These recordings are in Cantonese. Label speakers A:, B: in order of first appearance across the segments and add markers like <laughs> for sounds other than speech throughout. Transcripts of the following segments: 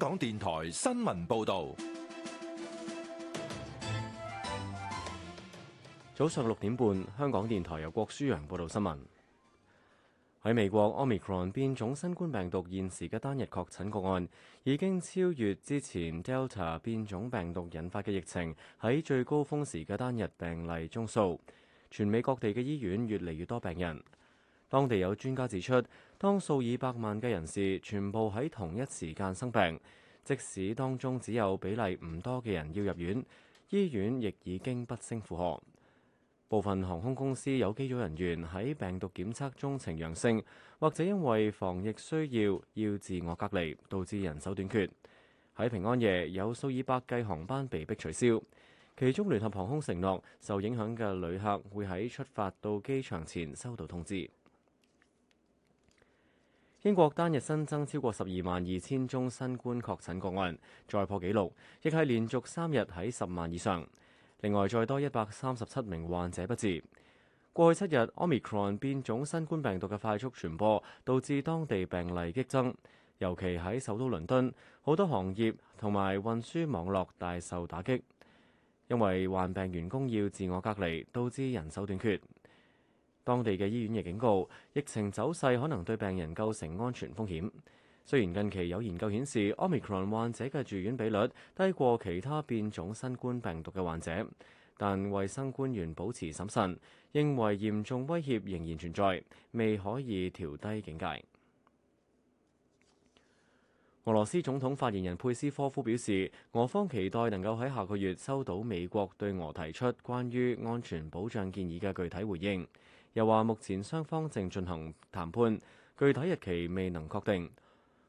A: 香港電台新聞報道，早上六點半，香港電台由郭舒揚報道新聞。喺美國，Omicron 變種新冠病毒現時嘅單日確診個案已經超越之前 Delta 變種病毒引發嘅疫情喺最高峰時嘅單日病例宗數，全美各地嘅醫院越嚟越多病人，當地有專家指出。當數以百萬嘅人士全部喺同一時間生病，即使當中只有比例唔多嘅人要入院，醫院亦已經不勝負荷。部分航空公司有機組人員喺病毒檢測中呈陽性，或者因為防疫需要要自我隔離，導致人手短缺。喺平安夜，有數以百計航班被迫取消，其中聯合航空承諾受影響嘅旅客會喺出發到機場前收到通知。英國單日新增超過十二萬二千宗新冠確診個案，再破紀錄，亦係連續三日喺十萬以上。另外，再多一百三十七名患者不治。過去七日，Omicron 變種新冠病毒嘅快速傳播，導致當地病例激增，尤其喺首都倫敦，好多行業同埋運輸網絡大受打擊，因為患病員工要自我隔離，導致人手短缺。當地嘅醫院亦警告，疫情走勢可能對病人構成安全風險。雖然近期有研究顯示，Omicron 患者嘅住院比率低過其他變種新冠病毒嘅患者，但衛生官員保持審慎，認為嚴重威脅仍然存在，未可以調低警戒。俄羅斯總統發言人佩斯科夫表示，俄方期待能夠喺下個月收到美國對俄提出關於安全保障建議嘅具體回應。又話目前雙方正進行談判，具體日期未能確定。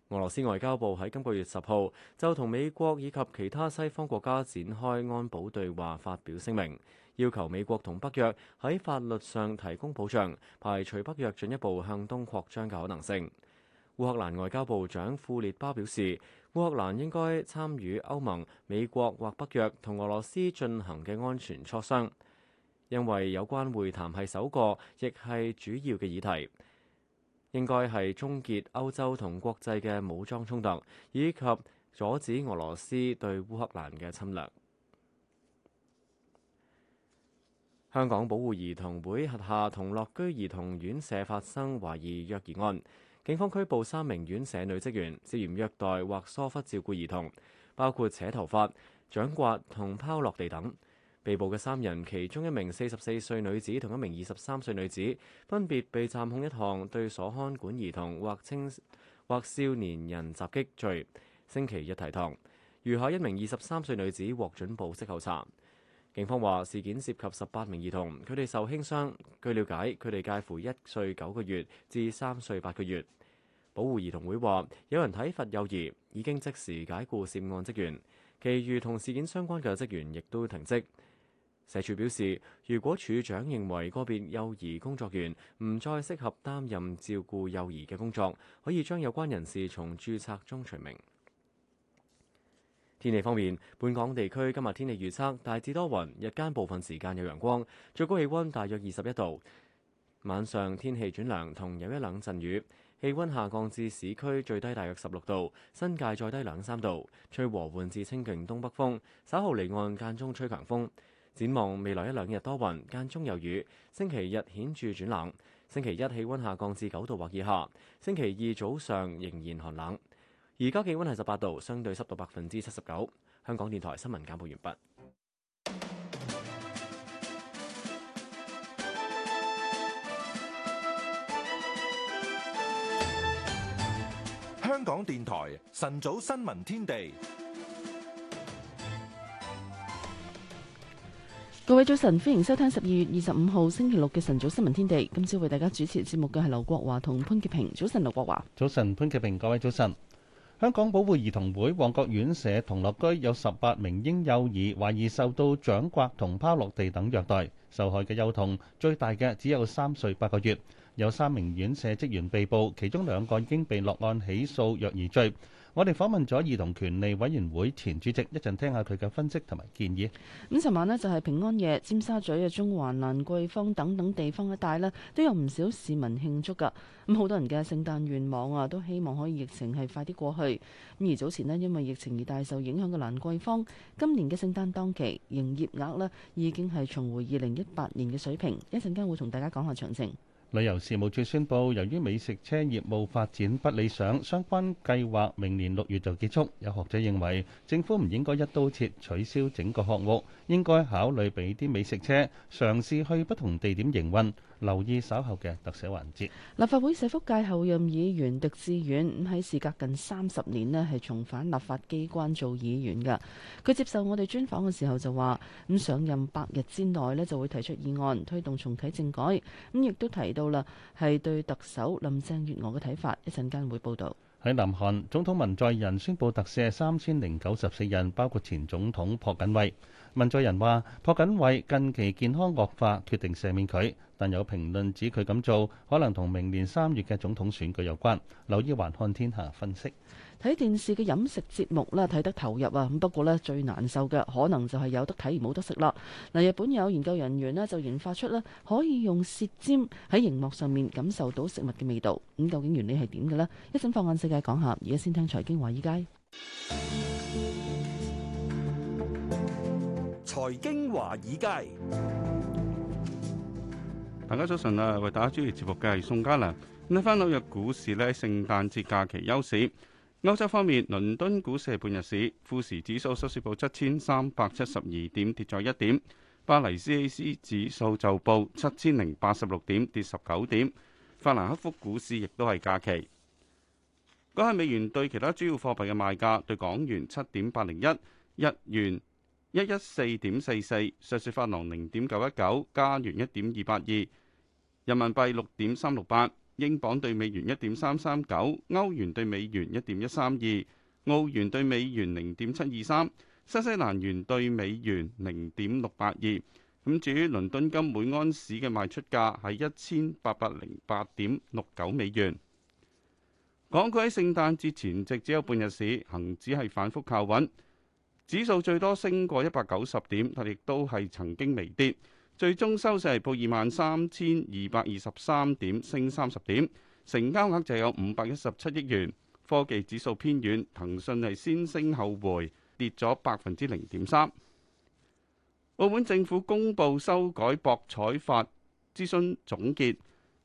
A: 俄羅斯外交部喺今個月十號就同美國以及其他西方國家展開安保對話，發表聲明，要求美國同北約喺法律上提供保障，排除北約進一步向東擴張嘅可能性。烏克蘭外交部長庫列巴表示，烏克蘭應該參與歐盟、美國或北約同俄羅斯進行嘅安全磋商。因為有關會談係首個，亦係主要嘅議題，應該係終結歐洲同國際嘅武裝衝突，以及阻止俄羅斯對烏克蘭嘅侵略。香港保護兒童會轄下同樂居兒童院舍發生懷疑虐兒案，警方拘捕三名院舍女職員，涉嫌虐待或疏忽照顧兒童，包括扯頭髮、掌摑同拋落地等。被捕嘅三人，其中一名四十四歲女子同一名二十三歲女子分別被暫控一項對所看管兒童或青或少年人襲擊罪。星期一提堂，餘下一名二十三歲女子獲准保釋候查。警方話事件涉及十八名兒童，佢哋受輕傷，據了解，佢哋介乎一歲九個月至三歲八個月。保護兒童會話有人體罰幼兒，已經即時解僱涉案職員，其餘同事件相關嘅職員亦都停職。社署表示，如果署長認為個別幼兒工作員唔再適合擔任照顧幼兒嘅工作，可以將有關人士從註冊中除名。天氣方面，本港地區今日天，天氣預測大致多雲，日間部分時間有陽光，最高氣温大約二十一度。晚上天氣轉涼，同有一冷陣雨，氣温下降至市區最低大約十六度，新界再低兩三度，吹和緩至清勁東北風，稍後離岸間中吹強風。展望未來一兩日多雲，間中有雨。星期日顯著轉冷，星期一氣温下降至九度或以下。星期二早上仍然寒冷。而家氣温係十八度，相對濕度百分之七十九。香港電台新聞簡報完畢。
B: 香港電台晨早新聞天地。
C: 各位早晨，歡迎收聽十二月二十五號星期六嘅晨早新聞天地。今朝為大家主持節目嘅係劉國華同潘潔平。早晨，劉國華。
D: 早晨，潘潔平。各位早晨。香港保護兒童會旺角院舍同樂居有十八名嬰幼兒懷疑受到掌摑同拋落地等虐待，受害嘅幼童最大嘅只有三歲八個月，有三名院舍職員被捕，其中兩個已經被落案起訴虐兒罪。我哋訪問咗兒童權利委員會前主席，一陣聽下佢嘅分析同埋建議。
C: 尋晚呢，就係平安夜，尖沙咀嘅中環、蘭桂坊等等地方一帶呢，都有唔少市民慶祝噶。咁好多人嘅聖誕願望啊，都希望可以疫情係快啲過去。咁而早前呢，因為疫情而大受影響嘅蘭桂坊，今年嘅聖誕當期營業額呢，已經係重回二零一八年嘅水平。一陣間會同大家講下詳情。
D: 旅遊事務處宣布，由於美食車業務發展不理想，相關計劃明年六月就結束。有學者認為，政府唔應該一刀切取消整個項目，應該考慮俾啲美食車嘗試去不同地點營運，留意稍後嘅特寫環節。
C: 立法會社福界候任議員狄志遠喺事隔近三十年咧，係重返立法機關做議員嘅。佢接受我哋專訪嘅時候就話：咁上任百日之內咧，就會提出議案推動重啟政改。咁亦都提到。到啦，係對特首林鄭月娥嘅睇法，一陣間會報導。
D: 喺南韓，總統文在寅宣布特赦三千零九十四人，包括前總統朴槿惠。文在寅話：朴槿惠近期健康惡化，決定赦免佢。但有評論指佢咁做可能同明年三
C: 月嘅總統選舉有關。留意環看天下分析。睇電視嘅飲食節目啦，睇得投入啊！咁不過咧，最難受嘅可能就係有得睇而冇得食啦。嗱，日本有研究人員咧就研發出咧可以用舌尖喺熒幕上面感受到食物嘅味道。咁究竟原理係點嘅呢？一陣放眼世界講下。而家先聽財經華爾街。
E: 財經華爾街，
F: 大家早晨啊！為大家主持節目嘅係宋嘉良。咁翻到紐約股市呢，聖誕節假期休市。歐洲方面，倫敦股市半日市，富時指數收市報七千三百七十二點，跌咗一點。巴黎 CAC 指數就報七千零八十六點，跌十九點。法蘭克福股市亦都係假期。嗰係美元對其他主要貨幣嘅賣價：對港元七點八零一，日元一一四點四四，瑞士法郎零點九一九，加元一點二八二，人民幣六點三六八。英鎊對美元一點三三九，歐元對美元一點一三二，澳元對美元零點七二三，新西蘭元對美元零點六八二。咁至於倫敦金每安士嘅賣出價係一千八百零八點六九美元。港股喺聖誕節前夕只有半日市，恒指係反覆靠穩，指數最多升過一百九十點，但亦都係曾經微跌。最終收市係報二萬三千二百二十三點，升三十點，成交額就有五百一十七億元。科技指數偏軟，騰訊係先升後回，跌咗百分之零點三。澳門政府公布修改博彩法，諮詢總結，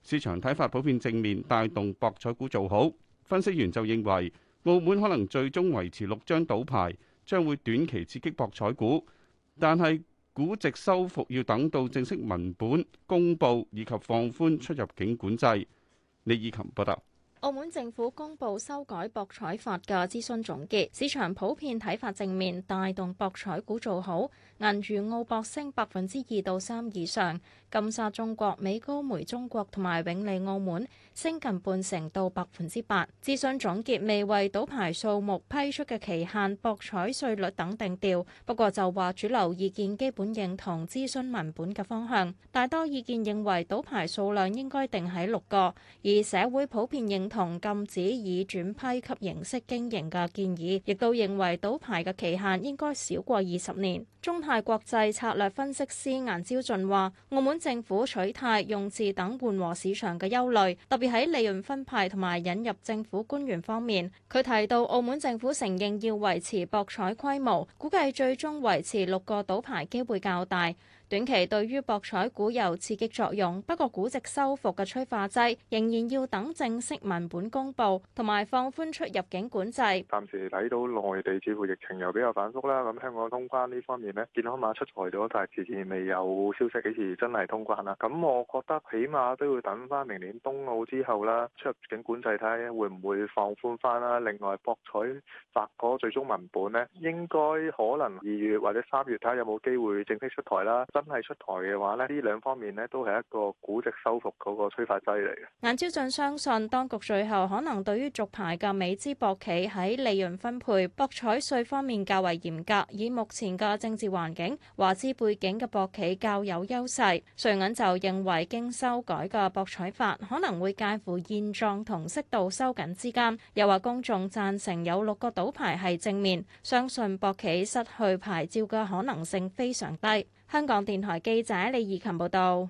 F: 市場睇法普遍正面，帶動博彩股做好。分析員就認為，澳門可能最終維持六張賭牌，將會短期刺激博彩股，但係。估值修復要等到正式文本公布，以及放寬出入境管制。李以琴報道，
G: 澳門政府公布修改博彩法嘅諮詢總結，市場普遍睇法正面，帶動博彩股做好。銀娛、銀魚澳博升百分之二到三以上，金沙中國、美高梅中國同埋永利澳門升近半成到百分之八。諮詢總結未為賭牌數目、批出嘅期限、博彩稅率等定調，不過就話主流意見基本認同諮詢文本嘅方向。大多意見認為賭牌數量應該定喺六個，而社會普遍認同禁止以轉批給形式經營嘅建議，亦都認為賭牌嘅期限應該少過二十年。中泰國際策略分析師顏朝俊話，澳門政府取態用字等緩和市場嘅憂慮，特別喺利潤分派同埋引入政府官員方面。佢提到，澳門政府承認要維持博彩規模，估計最終維持六個賭牌機會較大。短期對於博彩股有刺激作用，不過估值收復嘅催化劑仍然要等正式文本公布同埋放寬出入境管制。
H: 暫時睇到內地似乎疫情又比較反覆啦，咁香港通關呢方面咧，健康碼出台咗，但係遲遲未有消息幾時真係通關啦。咁我覺得起碼都要等翻明年冬奧之後啦，出入境管制睇下會唔會放寬翻啦。另外博彩法嗰最終文本呢，應該可能二月或者三月睇下有冇機會正式出台啦。真係出台嘅話咧，呢兩方面咧都係一個估值修復嗰個催化劑嚟嘅。
G: 晏超俊相信，當局最後可能對於續牌嘅美資博企喺利潤分配博彩稅方面較為嚴格。以目前嘅政治環境，華資背景嘅博企較有優勢。瑞銀就認為，經修改嘅博彩法可能會介乎現狀同適度收緊之間。又話公眾贊成有六個賭牌係正面，相信博企失去牌照嘅可能性非常低。香港電台記者李怡勤報道，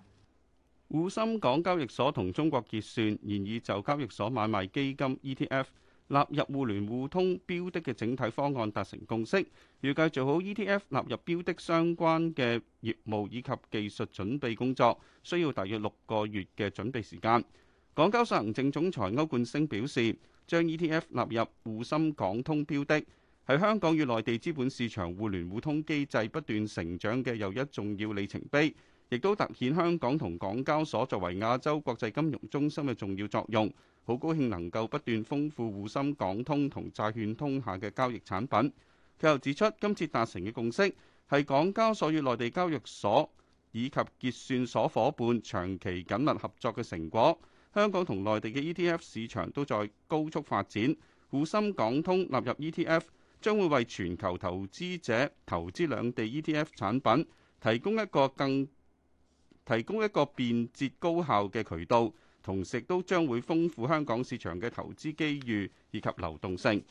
F: 滬深港交易所同中國結算現已就交易所買賣基金 ETF 納入互聯互通標的嘅整體方案達成共識，預計做好 ETF 納入標的相關嘅業務以及技術準備工作，需要大約六個月嘅準備時間。港交所行政總裁歐冠升表示，將 ETF 納入滬深港通標的。係香港與內地資本市場互聯互通機制不斷成長嘅又一重要里程碑，亦都突顯香港同港交所作為亞洲國際金融中心嘅重要作用。好高興能夠不斷豐富滬深港通同債券通下嘅交易產品。佢又指出，今次達成嘅共識係港交所與內地交易所以及結算所伙伴長期緊密合作嘅成果。香港同內地嘅 ETF 市場都在高速發展，滬深港通納入 ETF。將會為全球投資者投資兩地 ETF 產品提供一個更提供一個便捷高效嘅渠道，同時都將會豐富香港市場嘅投資機遇以及流動性。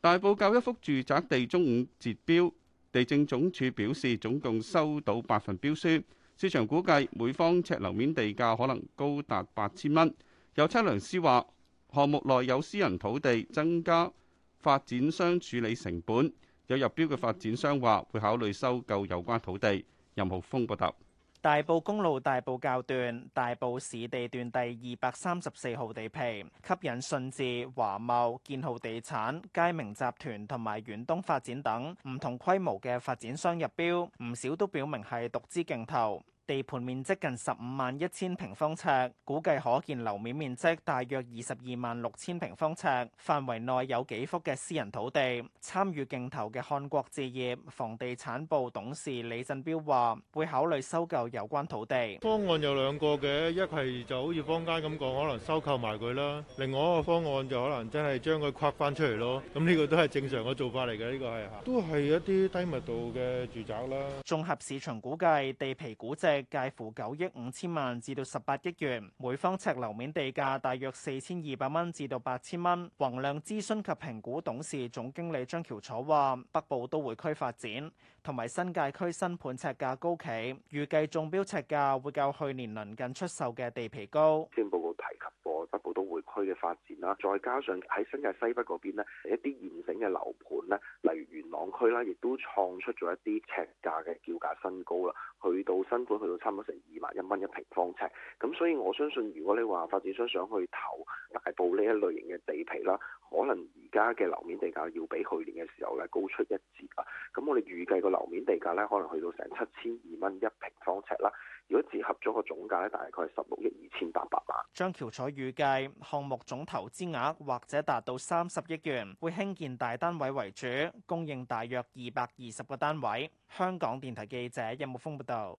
F: 大埔舊一幅住宅地中午截標，地政總署表示總共收到百份標書，市場估計每方尺樓面地價可能高達八千蚊。有測量師話，項目內有私人土地增加。發展商處理成本，有入標嘅發展商話會考慮收購有關土地。任浩峯報道：
I: 大埔公路大埔滘段大埔市地段第二百三十四號地皮，吸引信置、華茂、建浩地產、佳明集團同埋遠東發展等唔同規模嘅發展商入標，唔少都表明係獨資競投。地盤面積近十五萬一千平方尺，估計可建樓面面積大約二十二萬六千平方尺。範圍內有幾幅嘅私人土地。參與競投嘅漢國置業房地產部董事李振彪話，會考慮收購有關土地。
J: 方案有兩個嘅，一係就好似坊間咁講，可能收購埋佢啦，另外一個方案就可能真係將佢框翻出嚟咯。咁呢個都係正常嘅做法嚟嘅，呢個係嚇。
I: 都係一啲低密度嘅住宅啦。綜合市場估計，地皮估值，介乎九億五千萬至到十八億元，每方尺樓面地價大約四千二百蚊至到八千蚊。宏亮諮詢及評估董事總經理張喬楚話，北部都會區發展同埋新界區新盤尺價高企，預計中標尺價會較去年鄰近出售嘅地皮高。
E: 先報告提及過北部都區嘅發展啦，再加上喺新界西北嗰邊咧，一啲現成嘅樓盤呢，例如元朗區啦，亦都創出咗一啲尺價嘅叫價新高啦，去到新盤去到差唔多成二萬一蚊一平方尺。咁所以我相信，如果你話發展商想去投大埔呢一類型嘅地皮啦，可能而家嘅樓面地價要比去年嘅時候咧高出一截啊。咁我哋預計個樓面地價呢，可能去到成七千二蚊一平方尺啦。如果折合咗個總價咧，大概十六億二千八百萬。
I: 張橋彩預計項目總投資額或者達到三十億元，會興建大單位為主，供應大約二百二十個單位。香港電台記者任木峰報道。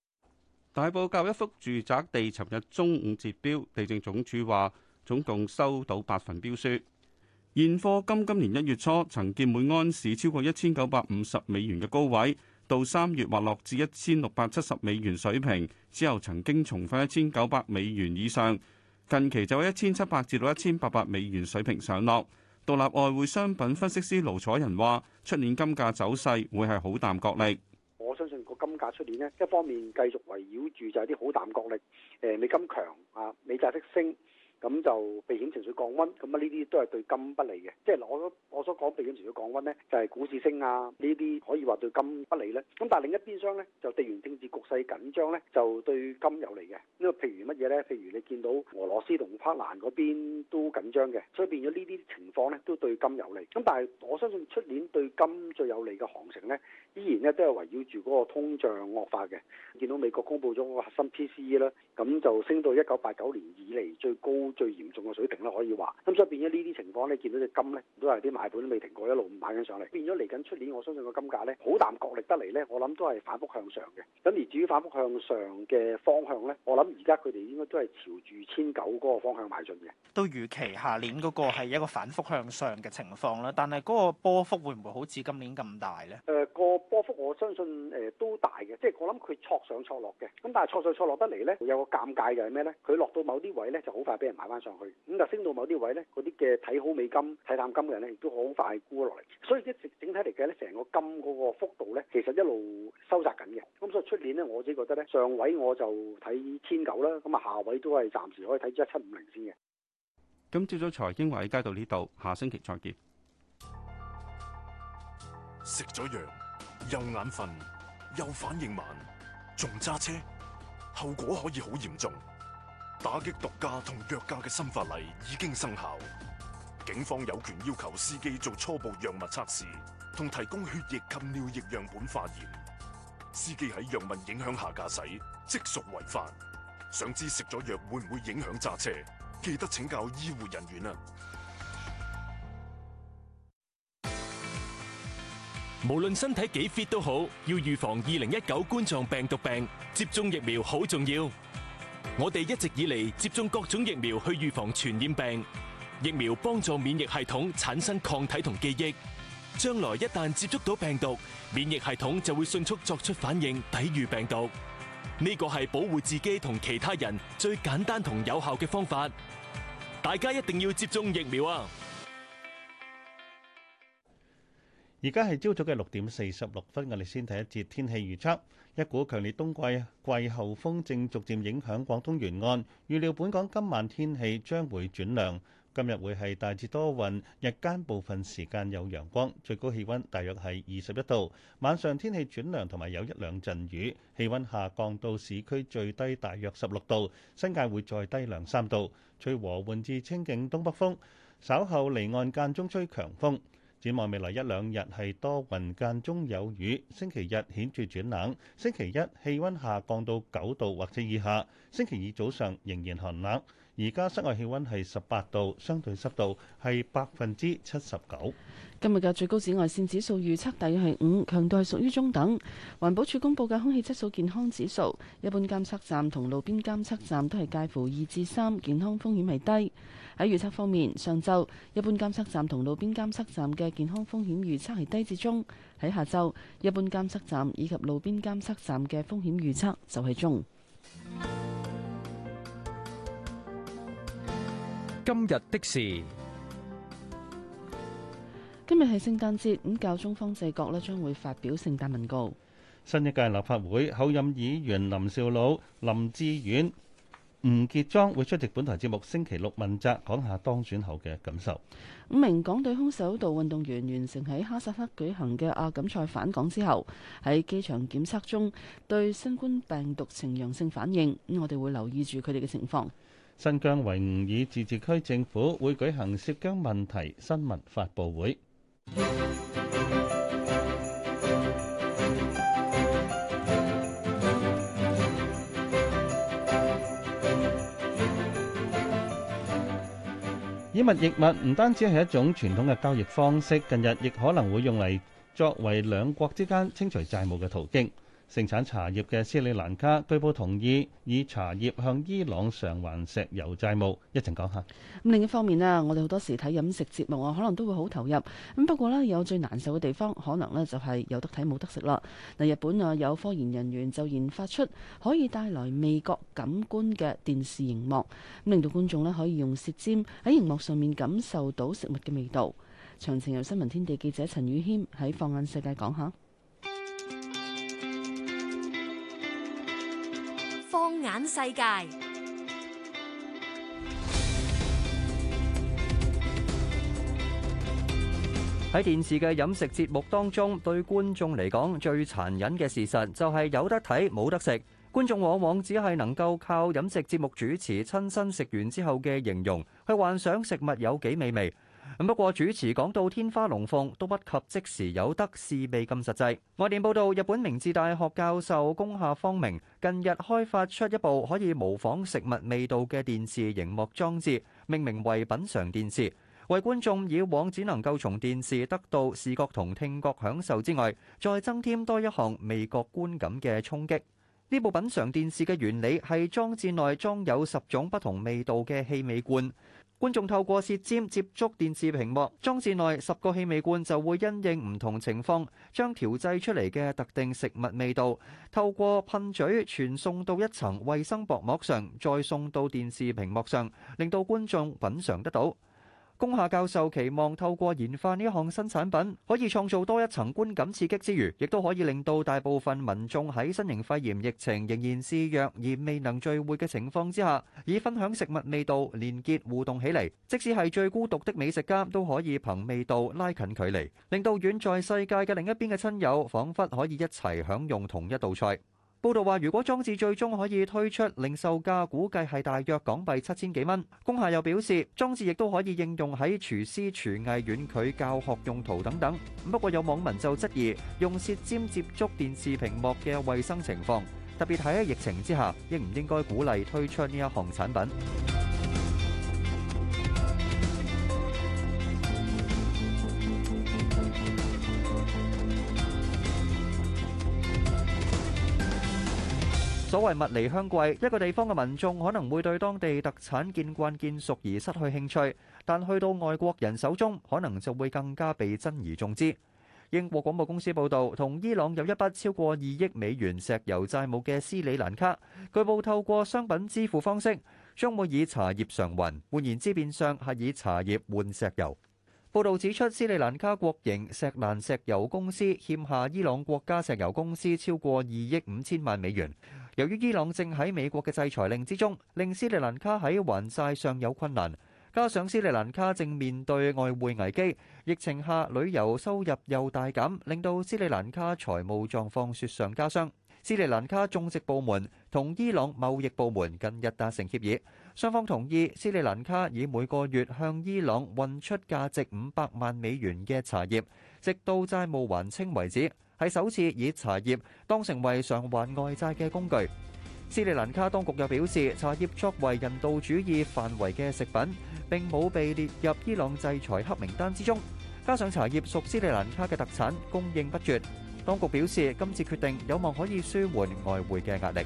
F: 大埔滘一幅住宅地尋日中午截標，地政總署話總共收到八份標書。現貨金今年一月初曾見每安士超過一千九百五十美元嘅高位。到三月滑落至一千六百七十美元水平之後，曾經重返一千九百美元以上。近期就喺一千七百至到一千八百美元水平上落。獨立外匯商品分析師盧楚仁話：出年金價走勢會係好淡角力。
E: 我相信個金價出年咧，一方面繼續圍繞住就係啲好淡角力，誒美金強啊，美債息升。咁就避險情緒降溫，咁啊呢啲都係對金不利嘅。即係我我所講避險情緒降溫呢，就係股市升啊呢啲可以話對金不利呢。咁但係另一邊廂呢，就地緣政治局勢緊張呢，就對金有利嘅。呢個譬如乜嘢呢？譬如你見到俄羅斯同烏克蘭嗰邊都緊張嘅，所以變咗呢啲情況呢，都對金有利。咁但係我相信出年對金最有利嘅行情呢。依然咧都係圍繞住嗰個通脹惡化嘅，見到美國公佈咗嗰個核心 PCE 咧，咁就升到一九八九年以嚟最高、最嚴重嘅水平啦，可以話。咁所以變咗呢啲情況咧，見到隻金咧都係啲買盤都未停過，一路買緊上嚟。變咗嚟緊出年，我相信個金價咧好淡角力得嚟咧，我諗都係反覆向上嘅。咁而至於反覆向上嘅方向咧，我諗而家佢哋應該都係朝住千九嗰個方向邁進嘅。
I: 都預期下年嗰個係一個反覆向上嘅情況啦，但係嗰個波幅會唔會好似今年咁大咧？誒、呃、
E: 個相信誒都大嘅，即係我諗佢挫上挫落嘅。咁但係挫上挫落得嚟咧，有個尷尬嘅係咩咧？佢落到某啲位咧，就好快俾人買翻上去。咁就升到某啲位咧，嗰啲嘅睇好美金、睇淡金嘅人咧，亦都好快沽落嚟。所以一整整體嚟計咧，成個金嗰個幅度咧，其實一路收窄緊嘅。咁所以出年咧，我自己覺得咧，上位我就睇千九啦。咁啊，下位都係暫時可以睇一七五零先嘅。
F: 咁朝早財經話題街到呢度，下星期再見。
K: 食咗羊。又眼瞓，又反應慢，仲揸車，後果可以好嚴重。打擊毒駕同藥駕嘅新法例已經生效，警方有權要求司機做初步藥物測試，同提供血液及尿液樣本化驗。司機喺藥物影響下駕駛，即屬違法。想知食咗藥會唔會影響揸車？記得請教醫護人員啊。
B: 無論身體幾 fit 都好，要預防二零一九冠狀病毒病，接種疫苗好重要。我哋一直以嚟接種各種疫苗去預防傳染病，疫苗幫助免疫系統產生抗體同記憶，將來一旦接觸到病毒，免疫系統就會迅速作出反應，抵禦病毒。呢個係保護自己同其他人最簡單同有效嘅方法，大家一定要接種疫苗啊！
D: 而家係朝早嘅六點四十六分，我哋先睇一節天氣預測。一股強烈冬季季候風正逐漸影響廣東沿岸，預料本港今晚天氣將會轉涼。今日會係大致多雲，日間部分時間有陽光，最高氣温大約係二十一度。晚上天氣轉涼同埋有一兩陣雨，氣温下降到市區最低大約十六度，新界會再低兩三度。吹和緩至清勁東北風，稍後離岸間中吹強風。展望未來一兩日係多雲間中有雨，星期日顯著轉冷，星期一氣温下降到九度或者以下。星期二早上仍然寒冷，而家室外氣溫係十八度，相對濕度係百分之七十九。
C: 今日嘅最高紫外綫指數預測大約係五，強度係屬於中等。環保署公布嘅空氣質素健康指數，一般監測站同路邊監測站都係介乎二至三，健康風險係低。喺預測方面，上晝一般監測站同路邊監測站嘅健康風險預測係低至中；喺下晝一般監測站以及路邊監測站嘅風險預測就係中。
L: 今日的事，
C: 今日係聖誕節，咁教宗方濟各呢將會發表聖誕文告。
D: 新一屆立法會候任議員林筱魯、林智遠、吳傑莊會出席本台節目星期六問責，講下當選後嘅感受。
C: 五名港隊空手道運動員完成喺哈薩克舉行嘅亞錦賽返港之後，喺機場檢測中對新冠病毒呈陽性反應，咁我哋會留意住佢哋嘅情況。
D: 新疆維吾爾自治區政府會舉行涉疆問題新聞發佈會。以物易物唔單止係一種傳統嘅交易方式，近日亦可能會用嚟作為兩國之間清除債務嘅途徑。盛產茶葉嘅斯里蘭卡據報同意以茶葉向伊朗償還石油債務，一陣講下。
C: 另一方面啊，我哋好多時睇飲食節目啊，可能都會好投入。咁不過咧，有最難受嘅地方，可能咧就係有得睇冇得食啦。嗱，日本啊有科研人員就研發出可以帶來味覺感官嘅電視熒幕，咁令到觀眾咧可以用舌尖喺熒幕上面感受到食物嘅味道。詳情由新聞天地記者陳宇謙喺放眼世界講下。
M: 放眼世界，
L: 喺電視嘅飲食節目當中，對觀眾嚟講，最殘忍嘅事實就係有得睇冇得食。觀眾往往只係能夠靠飲食節目主持親身食完之後嘅形容，去幻想食物有幾美味。咁不過主持講到天花龍鳳，都不及即時有得試味咁實際。外電報道，日本明治大學教授宮下方明，近日開發出一部可以模仿食物味道嘅電視熒幕裝置，命名為品嚐電視。為觀眾以往只能夠從電視得到視覺同聽覺享受之外，再增添多一項味覺觀感嘅衝擊。呢部品嚐電視嘅原理，係裝置內裝有十種不同味道嘅氣味罐。觀眾透過舌尖接觸電視屏幕，裝置內十個氣味罐，就會因應唔同情況，將調製出嚟嘅特定食物味道透過噴嘴傳送到一層衛生薄膜上，再送到電視屏幕上，令到觀眾品嚐得到。宮下教授期望透過研發呢項新產品，可以創造多一層觀感刺激之餘，亦都可以令到大部分民眾喺新型肺炎疫情仍然示弱而未能聚會嘅情況之下，以分享食物味道連結互動起嚟。即使係最孤獨的美食家，都可以憑味道拉近距離，令到遠在世界嘅另一邊嘅親友，仿佛可以一齊享用同一道菜。報道話，如果裝置最終可以推出，零售價估計係大約港幣七千幾蚊。工廈又表示，裝置亦都可以應用喺廚師、廚藝遠距教學用途等等。不過有網民就質疑，用舌尖接觸電視屏幕嘅衛生情況，特別喺疫情之下，應唔應該鼓勵推出呢一項產品？所謂物離鄉貴，一個地方嘅民眾可能會對當地特產見慣見熟而失去興趣，但去到外國人手中，可能就會更加被珍而重之。英國廣播公司報導，同伊朗有一筆超過二億美元石油債務嘅斯里蘭卡，據報透過商品支付方式，將會以茶葉償還。換言之，變相係以茶葉換石油。報導指出，斯里蘭卡國營石蘭石油公司欠下伊朗國家石油公司超過二億五千萬美元。由於伊朗正喺美國嘅制裁令之中，令斯里蘭卡喺還債上有困難。加上斯里蘭卡正面對外匯危機，疫情下旅遊收入又大減，令到斯里蘭卡財務狀況雪上加霜。斯里蘭卡種植部門同伊朗貿易部門近日達成協議，雙方同意斯里蘭卡以每個月向伊朗運出價值五百萬美元嘅茶葉，直到債務還清為止。係首次以茶葉當成為償還外債嘅工具。斯里蘭卡當局又表示，茶葉作為人道主義範圍嘅食品，並冇被列入伊朗制裁黑名單之中。加上茶葉屬斯里蘭卡嘅特產供應不絕，當局表示，今次決定有望可以舒緩外匯嘅壓力。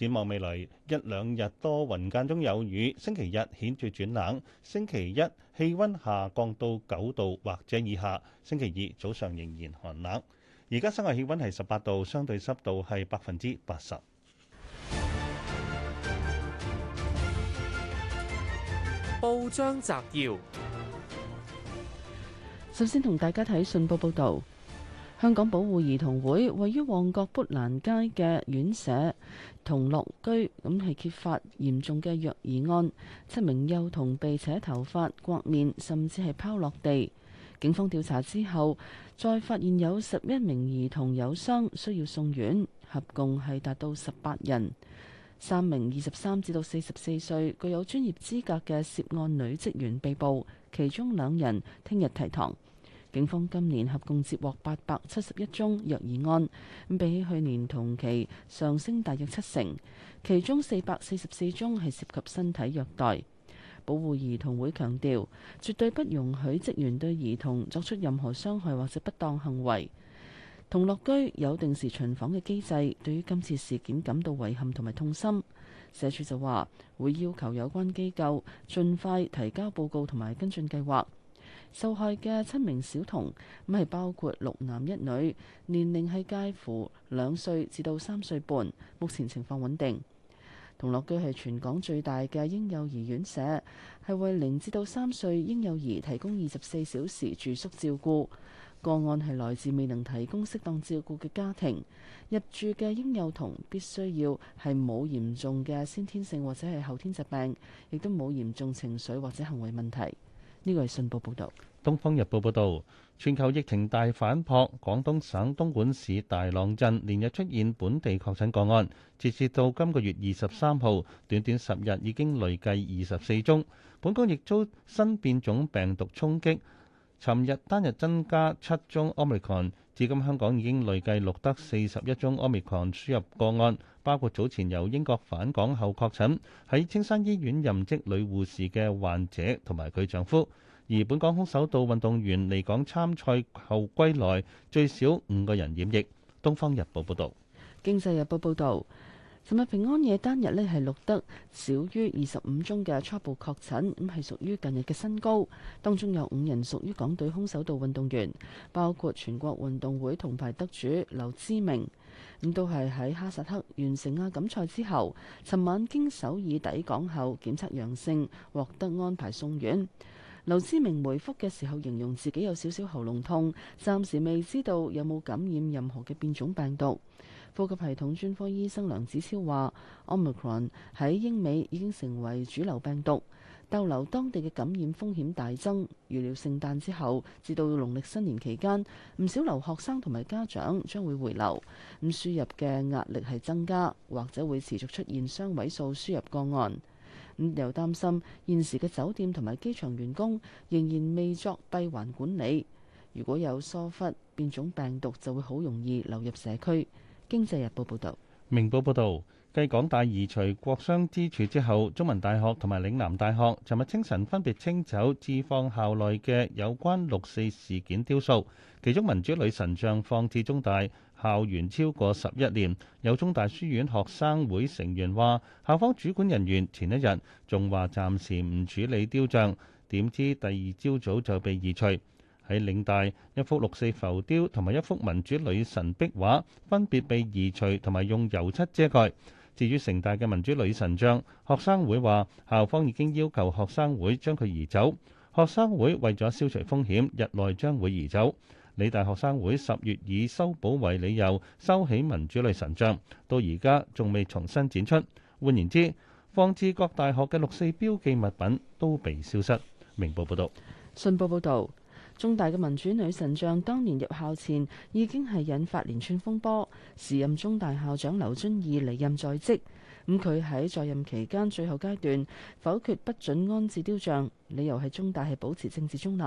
D: 展望未來一兩日多雲間中有雨，星期日顯著轉冷，星期一氣溫下降到九度或者以下，星期二早上仍然寒冷。而家室外氣溫係十八度，相對濕度係百分之八十。報章摘要，
C: 首先同大家睇信報報道。香港保護兒童會位於旺角砵蘭街嘅院舍同樂居，咁係揭發嚴重嘅虐兒案，七名幼童被扯頭髮、割面，甚至係拋落地。警方調查之後，再發現有十一名兒童有傷，需要送院，合共係達到十八人。三名二十三至到四十四歲具有專業資格嘅涉案女職員被捕，其中兩人聽日提堂。警方今年合共接獲八百七十一宗虐兒案，比起去年同期上升大約七成。其中四百四十四宗係涉及身體虐待。保護兒童會強調，絕對不容許職員對兒童作出任何傷害或者不當行為。同樂居有定時巡訪嘅機制，對於今次事件感到遺憾同埋痛心。社署就話會要求有關機構盡快提交報告同埋跟進計劃。受害嘅七名小童，咁係包括六男一女，年齡係介乎兩歲至到三歲半，目前情況穩定。童樂居係全港最大嘅嬰幼兒院舍，係為零至到三歲嬰幼兒提供二十四小時住宿照顧，個案係來自未能提供適當照顧嘅家庭，入住嘅嬰幼童必須要係冇嚴重嘅先天性或者係後天疾病，亦都冇嚴重情緒或者行為問題。呢個係信報報道。
D: 《東方日報》報道，全球疫情大反撲，廣東省東莞市大朗鎮連日出現本地確診個案，截至到今個月二十三號，短短十日已經累計二十四宗。本港亦遭新變種病毒衝擊，尋日單日增加七宗 Omicron，至今香港已經累計錄得四十一宗 Omicron 輸入個案。包括早前由英國返港後確診，喺青山醫院任職女護士嘅患者同埋佢丈夫，而本港空手道運動員離港參賽後歸來，最少五個人染疫。《東方日報》報道。
C: 《經濟日報》報道。尋日平安夜單日呢，係錄得少於二十五宗嘅初步確診，咁係屬於近日嘅新高。當中有五人屬於港隊空手道運動員，包括全國運動會銅牌得主劉之明，咁都係喺哈薩克完成亞錦賽之後，尋晚經首爾抵港後檢測陽性，獲得安排送院。劉之明回覆嘅時候形容自己有少少喉嚨痛，暫時未知道有冇感染任何嘅變種病毒。呼吸系統專科醫生梁子超話，Omicron 喺英美已經成為主流病毒，逗留當地嘅感染風險大增。預料聖誕之後至到農曆新年期間，唔少留學生同埋家長將會回流，咁輸入嘅壓力係增加，或者會持續出現雙位數輸入個案。咁又擔心現時嘅酒店同埋機場員工仍然未作閉環管理，如果有疏忽，變種病毒就會好容易流入社區。經濟日報報導，
D: 明報報導，繼港大移除國殤之柱之後，中文大學同埋嶺南大學尋日清晨分別清走置放校內嘅有關六四事件雕塑，其中民主女神像放置中大校園超過十一年。有中大書院學生會成員話，校方主管人員前一日仲話暫時唔處理雕像，點知第二朝早就被移除。喺嶺大一幅六四浮雕同埋一幅民主女神壁畫分別被移除同埋用油漆遮蓋。至於城大嘅民主女神像，學生會話校方已經要求學生會將佢移走。學生會為咗消除風險，日內將會移走。理大學生會十月以修補為理由收起民主女神像，到而家仲未重新展出。換言之，放置各大學嘅六四標記物品都被消失。明報報導，
C: 信報報導。中大嘅民主女神像，當年入校前已經係引發連串風波。時任中大校長劉遵義離任在即，咁佢喺在任期間最後階段否決不准安置雕像，理由係中大係保持政治中立。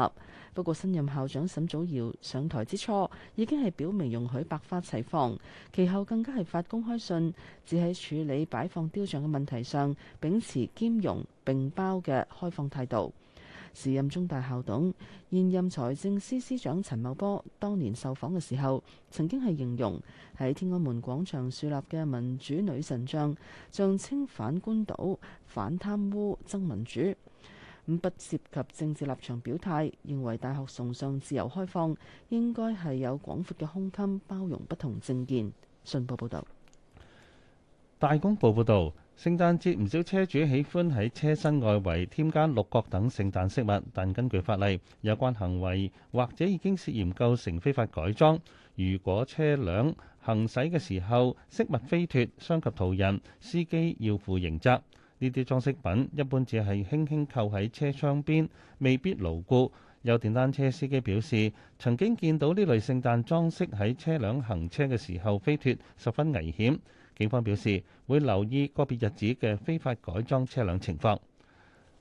C: 不過新任校長沈祖堯上台之初已經係表明容許百花齊放，其後更加係發公開信，只喺處理擺放雕像嘅問題上秉持兼容並包嘅開放態度。時任中大校董、現任財政司司長陳茂波當年受訪嘅時候，曾經係形容喺天安門廣場樹立嘅民主女神像，象徵反官倒、反貪污、爭民主。咁不涉及政治立場表態，認為大學崇尚自由開放，應該係有廣闊嘅胸襟，包容不同政見。信報報道，
D: 大公報報道。聖誕節唔少車主喜歡喺車身外圍添加鹿角等聖誕飾物，但根據法例，有關行為或者已經涉嫌構成非法改裝。如果車輛行駛嘅時候飾物飛脱，傷及途人，司機要負刑責。呢啲裝飾品一般只係輕輕扣喺車窗邊，未必牢固。有電單車司機表示，曾經見到呢類聖誕裝飾喺車輛行車嘅時候飛脱，十分危險。警方表示會留意個別日子嘅非法改裝車輛情況。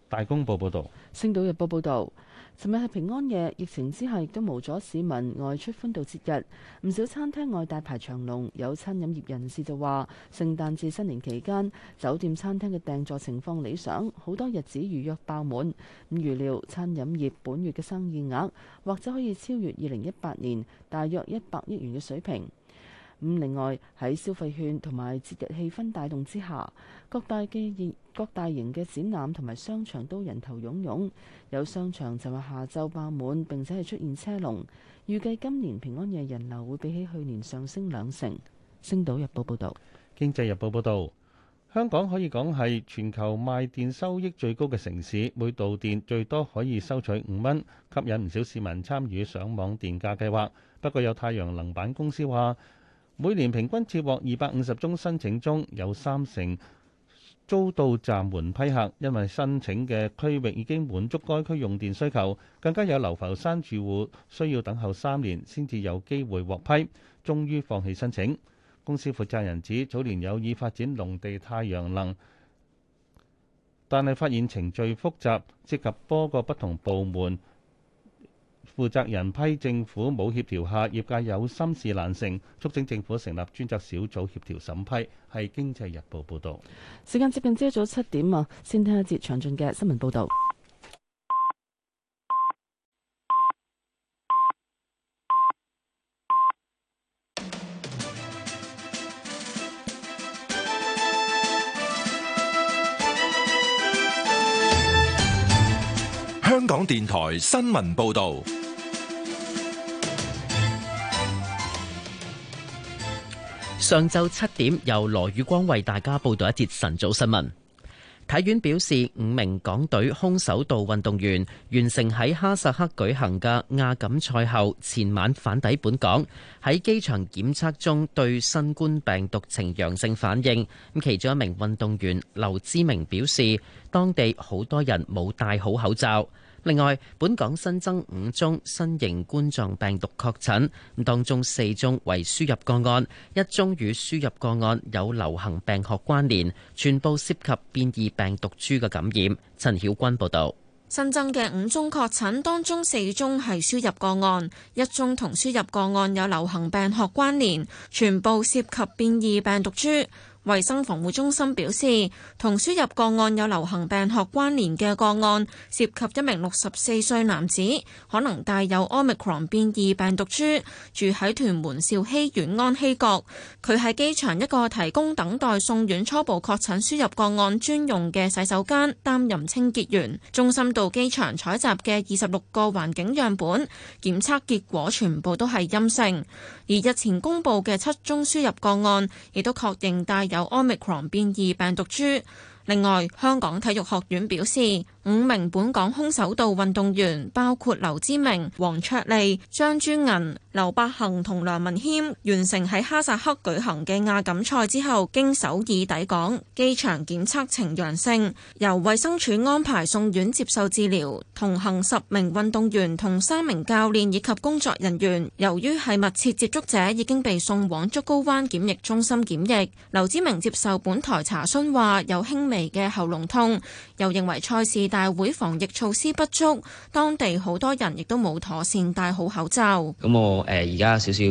D: 大公報報導，
C: 《星島日報》報導，尋日係平安夜，疫情之下亦都無阻市民外出歡度節日。唔少餐廳外大排長龍，有餐飲業人士就話，聖誕至新年期間酒店餐廳嘅訂座情況理想，好多日子預約爆滿。咁預料，餐飲業本月嘅生意額或者可以超越二零一八年大約一百億元嘅水平。咁另外喺消費券同埋節日氣氛帶動之下，各大嘅各大型嘅展覽同埋商場都人頭湧湧，有商場就話下晝爆滿，並且係出現車龍。預計今年平安夜人流會比起去年上升兩成。星島日報報道：「
D: 經濟日報報道，香港可以講係全球賣電收益最高嘅城市，每度電最多可以收取五蚊，吸引唔少市民參與上網電價計劃。不過有太陽能板公司話，每年平均接獲二百五十宗申請中，中有三成遭到暫緩批核，因為申請嘅區域已經滿足該區用電需求。更加有流浮山住戶需要等候三年先至有機會獲批，終於放棄申請。公司負責人指，早年有意發展農地太陽能，但係發現程序複雜，涉及多個不同部門。負責人批政府冇協調下，業界有心事難成，促請政府成立專責小組協調審批。係《經濟日報》報道。
C: 時間接近朝早七點啊，先聽一節詳盡嘅新聞報道。
B: 香港電台新聞報道。
N: 上晝七點，由羅宇光為大家報道一節晨早新聞。體院表示，五名港隊空手道運動員完成喺哈薩克舉行嘅亞錦賽後，前晚返抵本港，喺機場檢測中對新冠病毒呈陽性反應。咁其中一名運動員劉之明表示，當地好多人冇戴好口罩。另外，本港新增五宗新型冠狀病毒確診，當中四宗為輸入個案，一宗與輸入個案有流行病學關聯，全部涉及變異病毒株嘅感染。陳曉君報道。
O: 新增嘅五宗確診當中四宗係輸入個案，一宗同輸入個案有流行病學關聯，全部涉及變異病毒株。衛生防護中心表示，同輸入個案有流行病學關聯嘅個案，涉及一名六十四歲男子，可能帶有奧密克戎變異病毒株，住喺屯門兆禧苑安禧閣。佢喺機場一個提供等待送院初步確診輸入個案專用嘅洗手間擔任清潔員。中心到機場採集嘅二十六個環境樣本檢測結果全部都係陰性，而日前公布嘅七宗輸入個案亦都確認帶。有奧密克戎變異病毒株。另外，香港體育學院表示，五名本港空手道運動員包括劉之明、黃卓利、張珠銀、劉百恒同梁文謙完成喺哈薩克舉行嘅亞錦賽之後經首爾抵港，機場檢測呈陽性，由衛生署安排送院接受治療。同行十名運動員同三名教練以及工作人員由於係密切接觸者，已經被送往竹篙灣檢疫中心檢疫。劉之明接受本台查詢話有輕微嘅喉嚨痛，又認為賽事。大會防疫措施不足，當地好多人亦都冇妥善戴好口罩。
N: 咁我誒而家少少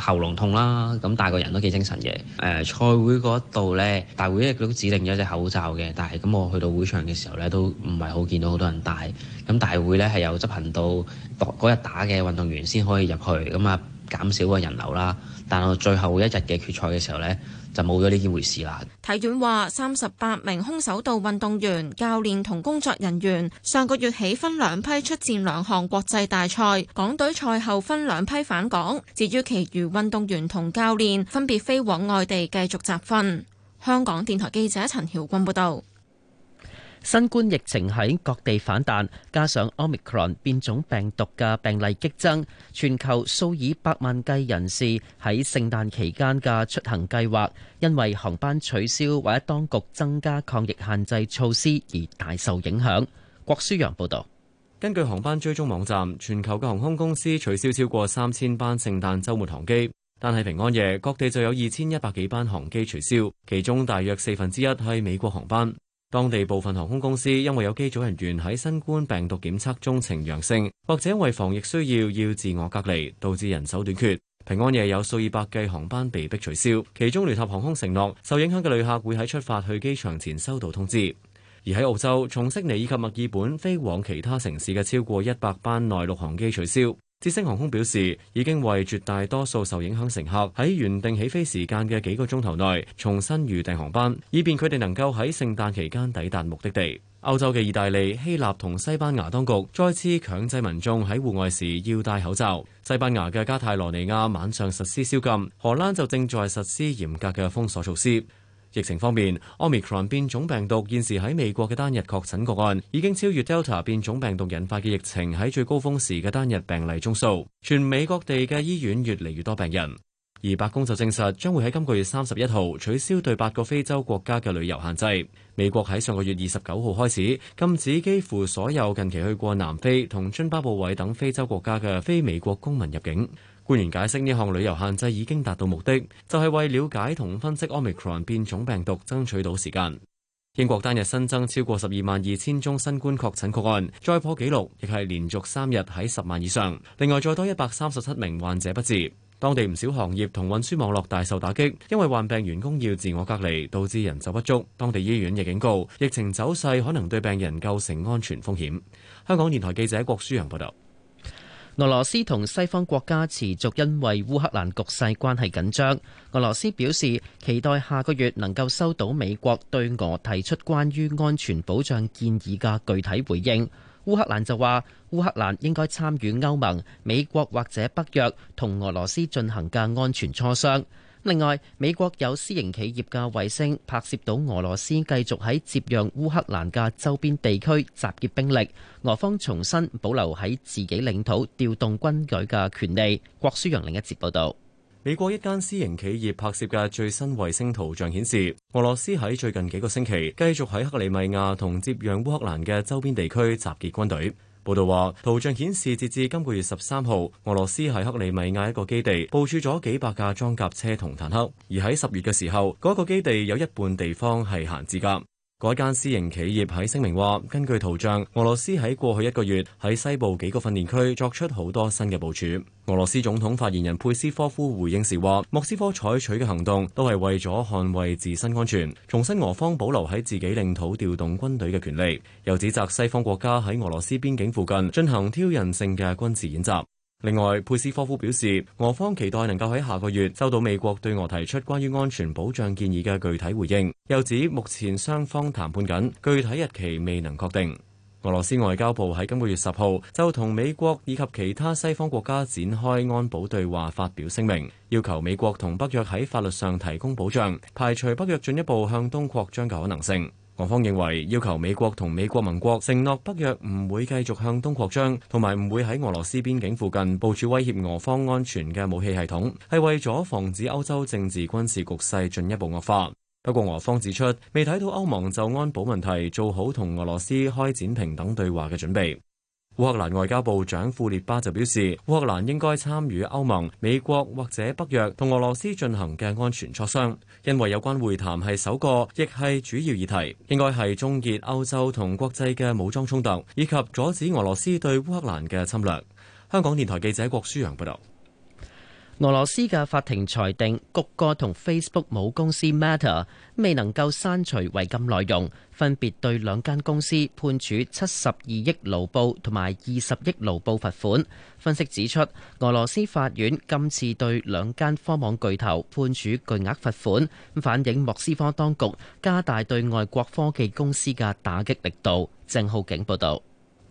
N: 喉嚨痛啦，咁大係個人都幾精神嘅。誒、呃、賽會嗰度呢，大會亦都指定咗隻口罩嘅，但係咁我去到會場嘅時候呢，都唔係好見到好多人戴。咁大會呢，係有執行到嗰日打嘅運動員先可以入去，咁啊減少個人流啦。但係最後一日嘅決賽嘅時候呢。就冇咗呢件回事啦。
O: 體院話，三十八名空手道運動員教練同工作人員上個月起分兩批出戰兩項國際大賽，港隊賽後分兩批返港，至於其餘運動員同教練分別飛往外地繼續集訓。香港電台記者陳曉君報道。
N: 新冠疫情喺各地反彈，加上 omicron 變種病毒嘅病例激增，全球數以百萬計人士喺聖誕期間嘅出行計劃，因為航班取消或者當局增加抗疫限制措施而大受影響，郭書陽報道。根據航班追蹤網站，全球嘅航空公司取消
A: 超過三千班聖誕週末航機，但係平安夜，各地就有二千一百幾班航機取消，其中大約四分之一係美國航班。當地部分航空公司因為有機組人員喺新冠病毒檢測中呈陽性，或者因為防疫需要要自我隔離，導致人手短缺。平安夜有數以百計航班被迫取消，其中聯合航空承諾受影響嘅旅客會喺出發去機場前收到通知。而喺澳洲，從悉尼以及墨爾本飛往其他城市嘅超過一百班內陸航機取消。捷星航空表示，已經為絕大多數受影響乘客喺原定起飛時間嘅幾個鐘頭內重新預訂航班，以便佢哋能夠喺聖誕期間抵達目的地。歐洲嘅意大利、希臘同西班牙當局再次強制民眾喺戶外時要戴口罩。西班牙嘅加泰羅尼亞晚上實施宵禁，荷蘭就正在實施嚴格嘅封鎖措施。疫情方面，Omicron 變種病毒現時喺美國嘅單日確診個案已經超越 Delta 變種病毒引發嘅疫情喺最高峰時嘅單日病例宗數。全美國地嘅醫院越嚟越多病人，而白宮就證實將會喺今個月三十一號取消對八個非洲國家嘅旅遊限制。美國喺上個月二十九號開始禁止幾乎所有近期去過南非同津巴布韋等非洲國家嘅非美國公民入境。官員解釋呢項旅遊限制已經達到目的，就係、是、為了解同分析 Omicron 變種病毒爭取到時間。英國單日新增超過十二萬二千宗新冠確診個案，再破紀錄，亦係連續三日喺十萬以上。另外，再多一百三十七名患者不治。當地唔少行業同運輸網絡大受打擊，因為患病員工要自我隔離，導致人手不足。當地醫院亦警告，疫情走勢可能對病人構
N: 成安全風險。香港電台記者郭舒揚報道。俄羅斯同西方國家持續因為烏克蘭局勢關係緊張。俄羅斯表示期待下個月能夠收到美國對俄提出關於安全保障建議嘅具體回應。烏克蘭就話，烏克蘭應該參與歐盟、美國或者北約同俄羅斯進行嘅安全磋商。另外，美國有私營企業嘅衛星拍攝到俄羅斯繼續喺接壤烏克蘭嘅周邊地區集結兵力，俄方重新保留喺自己領土調動軍隊嘅權利。郭書陽另一節報道，美國一間私營企業拍攝嘅最新衛星
A: 圖像顯示，俄羅斯喺最近幾個星期繼續喺克里米亞同接壤烏克蘭嘅周邊地區集結軍隊。報道話，圖像顯示，截至今個月十三號，俄羅斯喺克里米亞一個基地部署咗幾百架裝甲車同坦克，而喺十月嘅時候，嗰個基地有一半地方係閒置噶。該間私營企業喺聲明話，根據圖像，俄羅斯喺過去一個月喺西部幾個訓練區作出好多新嘅部署。俄羅斯總統發言人佩斯科夫回應時話，莫斯科採取嘅行動都係為咗捍衛自身安全，重申俄方保留喺自己領土調動軍隊嘅權利，又指責西方國家喺俄羅斯邊境附近進行挑釁性嘅軍事演習。另外，佩斯科夫表示，俄方期待能夠喺下個月收到美國對俄提出關於安全保障建議嘅具體回應。又指目前雙方談判緊，具體日期未能確定。俄羅斯外交部喺今個月十號就同美國以及其他西方國家展開安保對話，發表聲明，要求美國同北約喺法律上提供保障，排除北約進一步向東擴張嘅可能性。俄方認為，要求美國同美國盟國承諾北約唔會繼續向東擴張，同埋唔會喺俄羅斯邊境附近部署威脅俄方安全嘅武器系統，係為咗防止歐洲政治軍事局勢進一步惡化。不過，俄方指出，未睇到歐盟就安保問題做好同俄羅斯開展平等對話嘅準備。烏克蘭外交部長庫列巴就表示，烏克蘭應該參與歐盟、美國或者北約同俄羅斯進行嘅安全磋商，因為有關會談係首個，亦係主要議題，應該係終結歐洲同國際嘅武裝衝突，以及阻止俄羅斯對烏克蘭嘅侵略。香港電台記者郭舒陽
N: 報道。俄羅斯嘅法庭裁定谷歌同 Facebook 母公司 Meta 未能夠刪除違禁內容，分別對兩間公司判處七十二億盧布同埋二十億盧布罰款。分析指出，俄羅斯法院今次對兩間科網巨頭判處巨額罰款，反映莫斯科當局加大對外國科技公司嘅打擊力度。鄭浩景報道。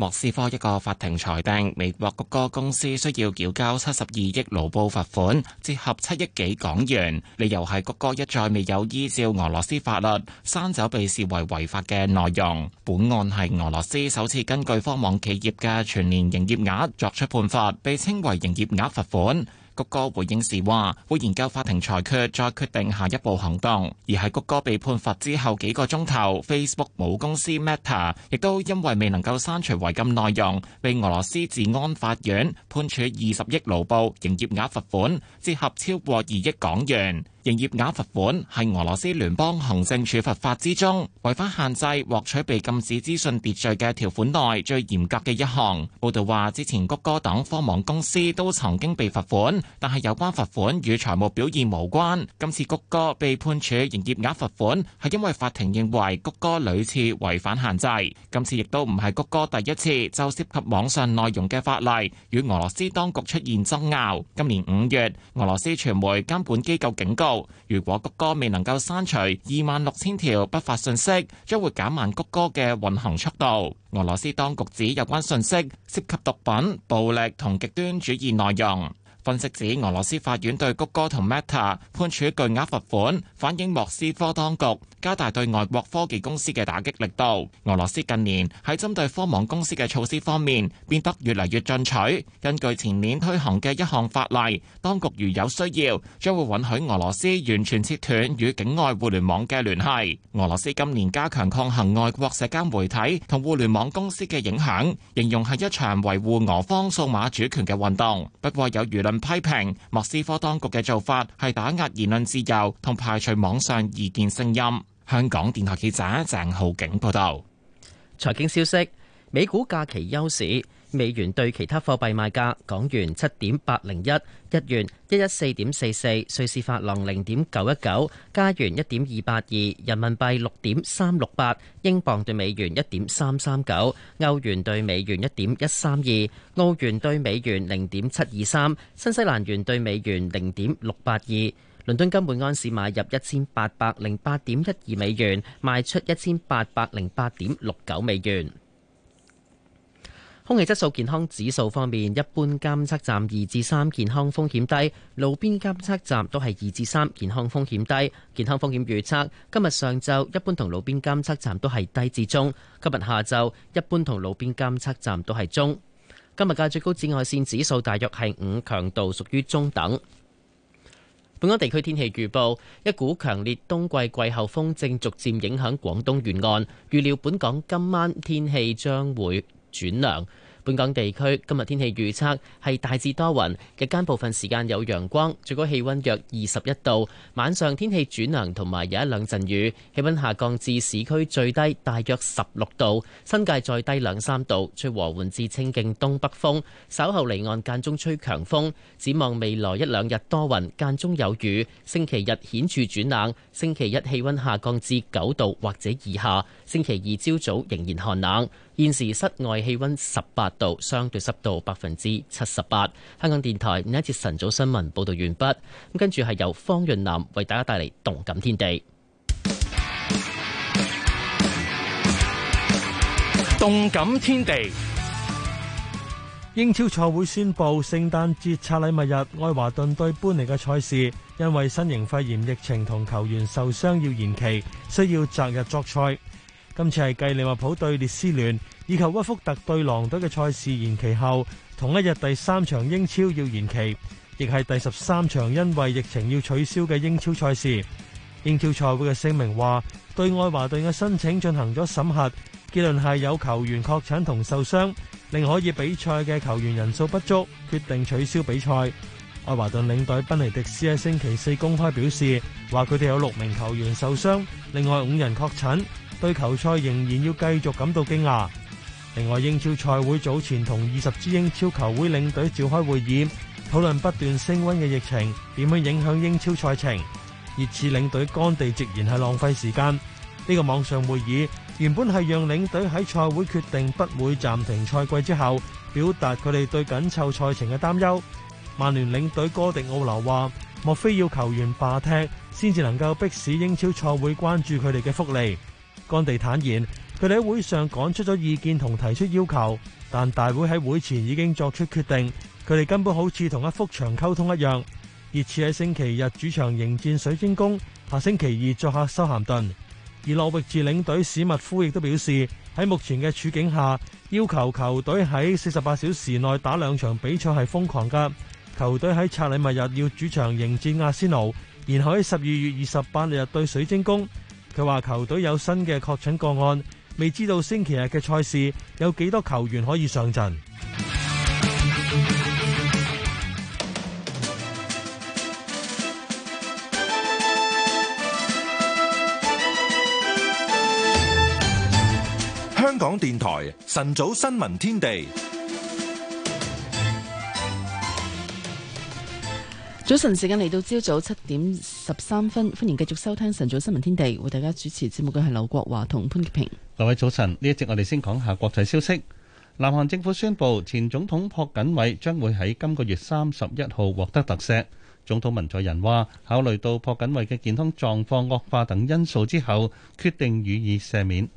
N: 莫斯科一個法庭裁定，美國谷歌公司需要繳交
P: 七十二億盧布罰款，折合七億幾港元，理由係谷歌一再未有依照俄羅斯法律刪走被視為違法嘅內容。本案係俄羅斯首次根據科網企業嘅全年營業額作出判罰，被稱為營業額罰款。谷歌回應時話會研究法庭裁決，再決定下一步行動。而喺谷歌被判罰之後幾個鐘頭，Facebook 母公司 Meta 亦都因為未能夠刪除違禁內容，被俄羅斯治安法院判處二十億盧布營業額罰款，折合超過二億港元。營業額罰款係俄羅斯聯邦行政處罰法之中違反限制獲取被禁止資訊秩序嘅條款內最嚴格嘅一項。報道話，之前谷歌等科網公司都曾經被罰款，但係有關罰款與財務表現無關。今次谷歌被判處營業額罰款，係因為法庭認為谷歌屢次違反限制。今次亦都唔係谷歌第一次就涉及網上內容嘅法例與俄羅斯當局出現爭拗。今年五月，俄羅斯傳媒監管機構警告。如果谷歌未能夠刪除二萬六千條不法信息，將會減慢谷歌嘅運行速度。俄羅斯當局指有關信息涉及毒品、暴力同極端主義內容。分析指，俄羅斯法院對谷歌同 Meta 判處巨額罰款，反映莫斯科當局加大對外國科技公司嘅打擊力度。俄羅斯近年喺針對科網公司嘅措施方面，變得越嚟越進取。根據前年推行嘅一項法例，當局如有需要，將會允許俄羅斯完全切斷與境外互聯網嘅聯繫。俄羅斯今年加強抗衡外國社交媒體同互聯網公司嘅影響，形容係一場維護俄方數碼主權嘅運動。不過有輿論唔批評莫斯科當局嘅做法係打壓言論自由同排除網上
N: 意見聲音。香港電台記者鄭浩景報道。財經消息：美股假期休市。美元兌其他貨幣賣價：港元七點八零一，日元一一四點四四，瑞士法郎零點九一九，加元一點二八二，人民幣六點三六八，英鎊對美元一點三三九，歐元對美元一點一三二，澳元對美元零點七二三，新西蘭元對美元零點六八二。倫敦金每安士買入一千八百零八點一二美元，賣出一千八百零八點六九美元。空氣質素健康指數方面，一般監測站二至三，健康風險低；路邊監測站都係二至三，健康風險低。健康風險預測：今日上晝一般同路邊監測站都係低至中；今日下晝一般同路邊監測站都係中。今日嘅最高紫外線指數大約係五，強度屬於中等。本港地區天氣預報：一股強烈冬季季候風正逐漸影響廣東沿岸，預料本港今晚天氣將會轉涼。本港地區今日天氣預測係大致多雲，日間部分時間有陽光，最高氣温約二十一度。晚上天氣轉涼，同埋有一兩陣雨，氣温下降至市區最低大約十六度，新界再低兩三度。吹和緩至清勁東北風，稍後離岸間中吹強風。展望未來一兩日多雲，間中有雨。星期日顯著轉冷，星期一氣温下降至九度或者以下，星期二朝早仍然寒冷。現時室外氣溫十八度，相對濕度百分之七十八。香港電台呢一節晨早新聞報道完畢，咁跟住係由方潤南為大家帶嚟動感天地。
J: 動感天地，英超賽會宣佈聖誕節拆禮物日，愛華頓對搬嚟嘅賽事，因為新型肺炎疫情同球員受傷要延期，需要擇日作賽。今次係繼利物浦對列斯聯，以及屈福特對狼隊嘅賽事延期後，同一日第三場英超要延期，亦係第十三場因為疫情要取消嘅英超賽事。英超賽會嘅聲明話，對愛華頓嘅申請進行咗審核，結論係有球員確診同受傷，令可以比賽嘅球員人數不足，決定取消比賽。愛華頓領隊賓尼迪斯喺星期四公開表示，話佢哋有六名球員受傷，另外五人確診。對球賽仍然要繼續感到驚訝。另外，英超賽會早前同二十支英超球會領隊召開會議，討論不斷升溫嘅疫情點樣影響英超賽程。熱刺領隊干地直言係浪費時間。呢、這個網上會議原本係讓領隊喺賽會決定不會暫停賽季之後，表達佢哋對緊湊賽程嘅擔憂。曼聯領隊哥迪奧流話，莫非要球員罷踢先至能夠迫使英超賽會關注佢哋嘅福利？乾地坦言，佢哋喺會上講出咗意見同提出要求，但大會喺會前已經作出決定，佢哋根本好似同一幅牆溝通一樣。熱刺喺星期日主場迎戰水晶宮，下星期二作客修咸頓。而諾域治領隊史密夫亦都表示，喺目前嘅處境下，要求球隊喺四十八小時內打兩場比賽係瘋狂噶。球隊喺拆禮物日要主場迎戰阿仙奴，然後喺十二月二十八日對水晶宮。佢話：球隊有新嘅確診個案，未知道星期日嘅賽事有幾多球員可以上陣。
B: 香港電台晨早新聞天地。
C: 早晨，時間嚟到朝早七點十三分，歡迎繼續收聽晨早新聞天地，為大家主持節目嘅係劉國華同潘潔平。
D: 各位早晨，呢一節我哋先講下國際消息。南韓政府宣布，前總統朴槿惠將會喺今個月三十一號獲得特赦。總統文在寅話，考慮到朴槿惠嘅健康狀況惡化等因素之後，決定予以赦免。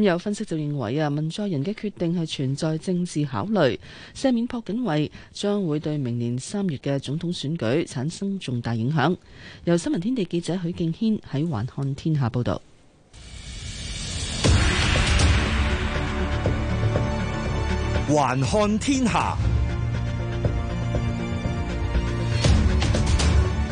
C: 嗯、有分析就認為啊，文在寅嘅決定係存在政治考慮，赦免朴槿惠將會對明年三月嘅總統選舉產生重大影響。由新聞天地記者許敬軒喺《環看天下》報道，《環看天下》。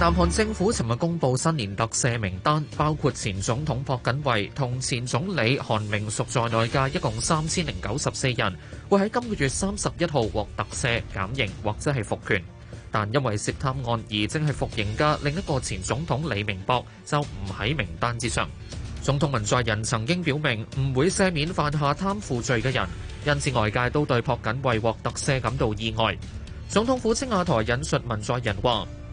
Q: 南韓政府尋日公布新年特赦名單，包括前總統朴槿惠同前總理韓明淑在內嘅一共三千零九十四人，會喺今個月三十一號獲特赦、減刑或者係復權。但因為涉貪案而正係服刑嘅另一個前總統李明博就唔喺名單之上。總統文在寅曾經表明唔會赦免犯下貪腐罪嘅人，因此外界都對朴槿惠獲特赦感到意外。總統府青瓦台引述文在寅話。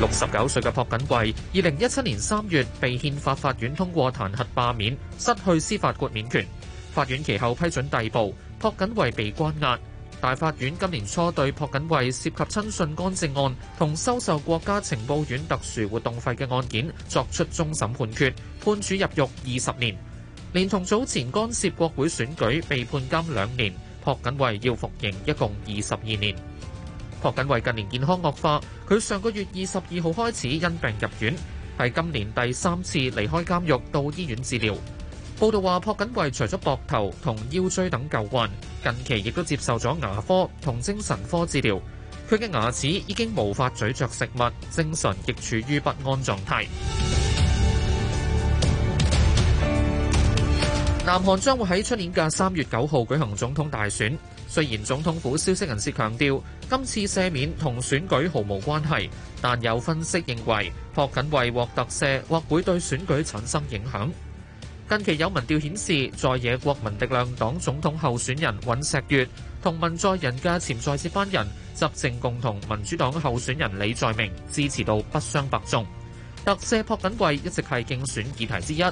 Q: 六十九歲嘅朴槿惠，二零一七年三月被憲法法院通過彈劾罷免，失去司法豁免權。法院其後批准逮捕朴槿惠被關押。大法院今年初對朴槿惠涉及親信干政案同收受國家情報院特殊活動費嘅案件作出終審判決，判處入獄二十年，連同早前干涉國會選舉被判監兩年，朴槿惠要服刑一共二十二年。朴槿惠近年健康惡化，佢上個月二十二號開始因病入院，係今年第三次離開監獄到醫院治療。報道話，朴槿惠除咗膊頭同腰椎等舊患，近期亦都接受咗牙科同精神科治療。佢嘅牙齒已經無法咀嚼食物，精神亦處於不安狀態。南韓將會喺出年嘅三月九號舉行總統大選。雖然總統府消息人士強調今次赦免同選舉毫無關係，但有分析認為朴槿惠獲特赦或會對選舉產生影響。近期有民調顯示，在野國民力量黨總統候選人尹錫月同文在寅嘅潛在接班人執政共同民主黨候選人李在明支持度不相伯仲。特赦朴槿惠一直係競選議題之一。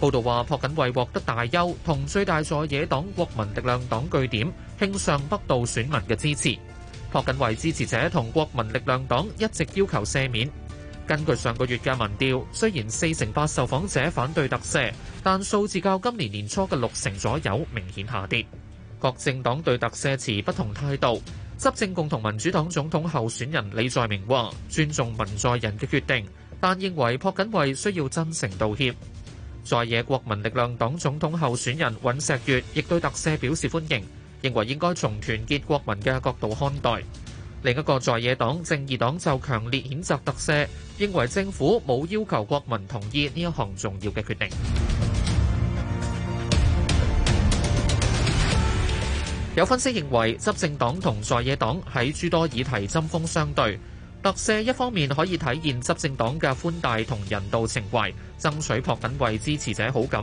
Q: 報道話，朴槿惠獲得大優，同最大在野黨國民力量黨據點慶尚北道選民嘅支持。朴槿惠支持者同國民力量黨一直要求赦免。根據上個月嘅民調，雖然四成八受訪者反對特赦，但數字較今年年初嘅六成左右明顯下跌。各政黨對特赦持不同態度。執政共同民主黨總統候選人李在明話：尊重文在寅嘅決定，但認為朴槿惠需要真誠道歉。在野國民力量黨總統候選人尹錫悅亦對特赦表示歡迎。認為應該從團結國民嘅角度看待。另一個在野黨正義黨就強烈譴責特赦，認為政府冇要求國民同意呢一項重要嘅決定。 <music> 有分析認為，執政黨同在野黨喺諸多議題針鋒相對。特赦一方面可以體現執政黨嘅寬大同人道情懷，爭取朴槿惠支持者好感。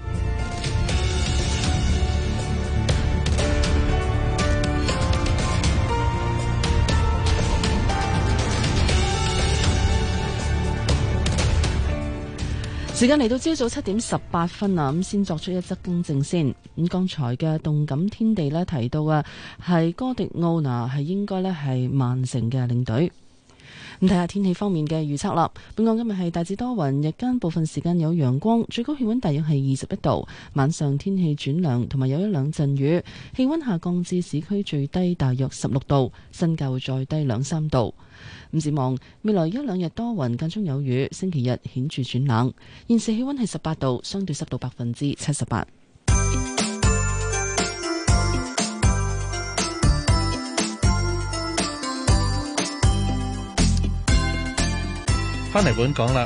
C: 時間嚟到朝早七點十八分啊，咁先作出一則更正先。咁剛才嘅動感天地呢，提到啊，係哥迪奧拿係應該呢係曼城嘅領隊。咁睇下天氣方面嘅預測啦。本港今日係大致多雲，日間部分時間有陽光，最高氣溫大約係二十一度。晚上天氣轉涼，同埋有一兩陣雨，氣溫下降至市區最低大約十六度，新界再低兩三度。唔指望未來一兩日多雲間中有雨，星期日顯著轉冷。現時氣溫係十八度，相對濕度百分之七十八。
D: 翻嚟本港啦，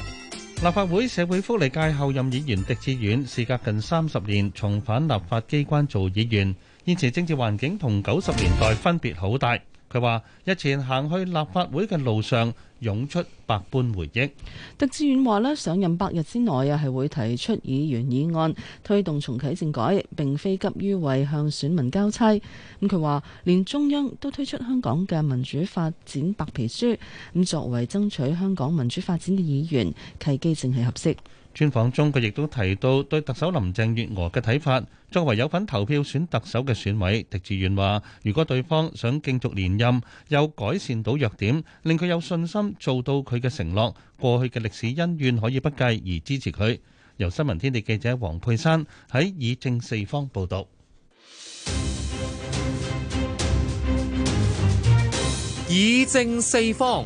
D: 立法會社會福利界候任議員狄志遠，事隔近三十年重返立法機關做議員，現時政治環境同九十年代分別好大。就話：日前行去立法會嘅路上，湧出百
C: 般回憶。狄志遠話咧，上任百日之內啊，係會提出議員議案，推動重啟政改，並非急於為向選民交差。咁佢話，連中央都推出香港嘅民主發展白皮書，咁作為爭取香港民主發展嘅議員，契機正係合適。
D: 專訪中，佢亦都提到對特首林鄭月娥嘅睇法。作為有份投票選特首嘅選委，狄志遠話：如果對方想競逐連任，又改善到弱點，令佢有信心做到佢嘅承諾，過去嘅歷史恩怨可以不計，而支持佢。由新聞天地記者黃佩珊喺以正四方報道。
R: 以正四方。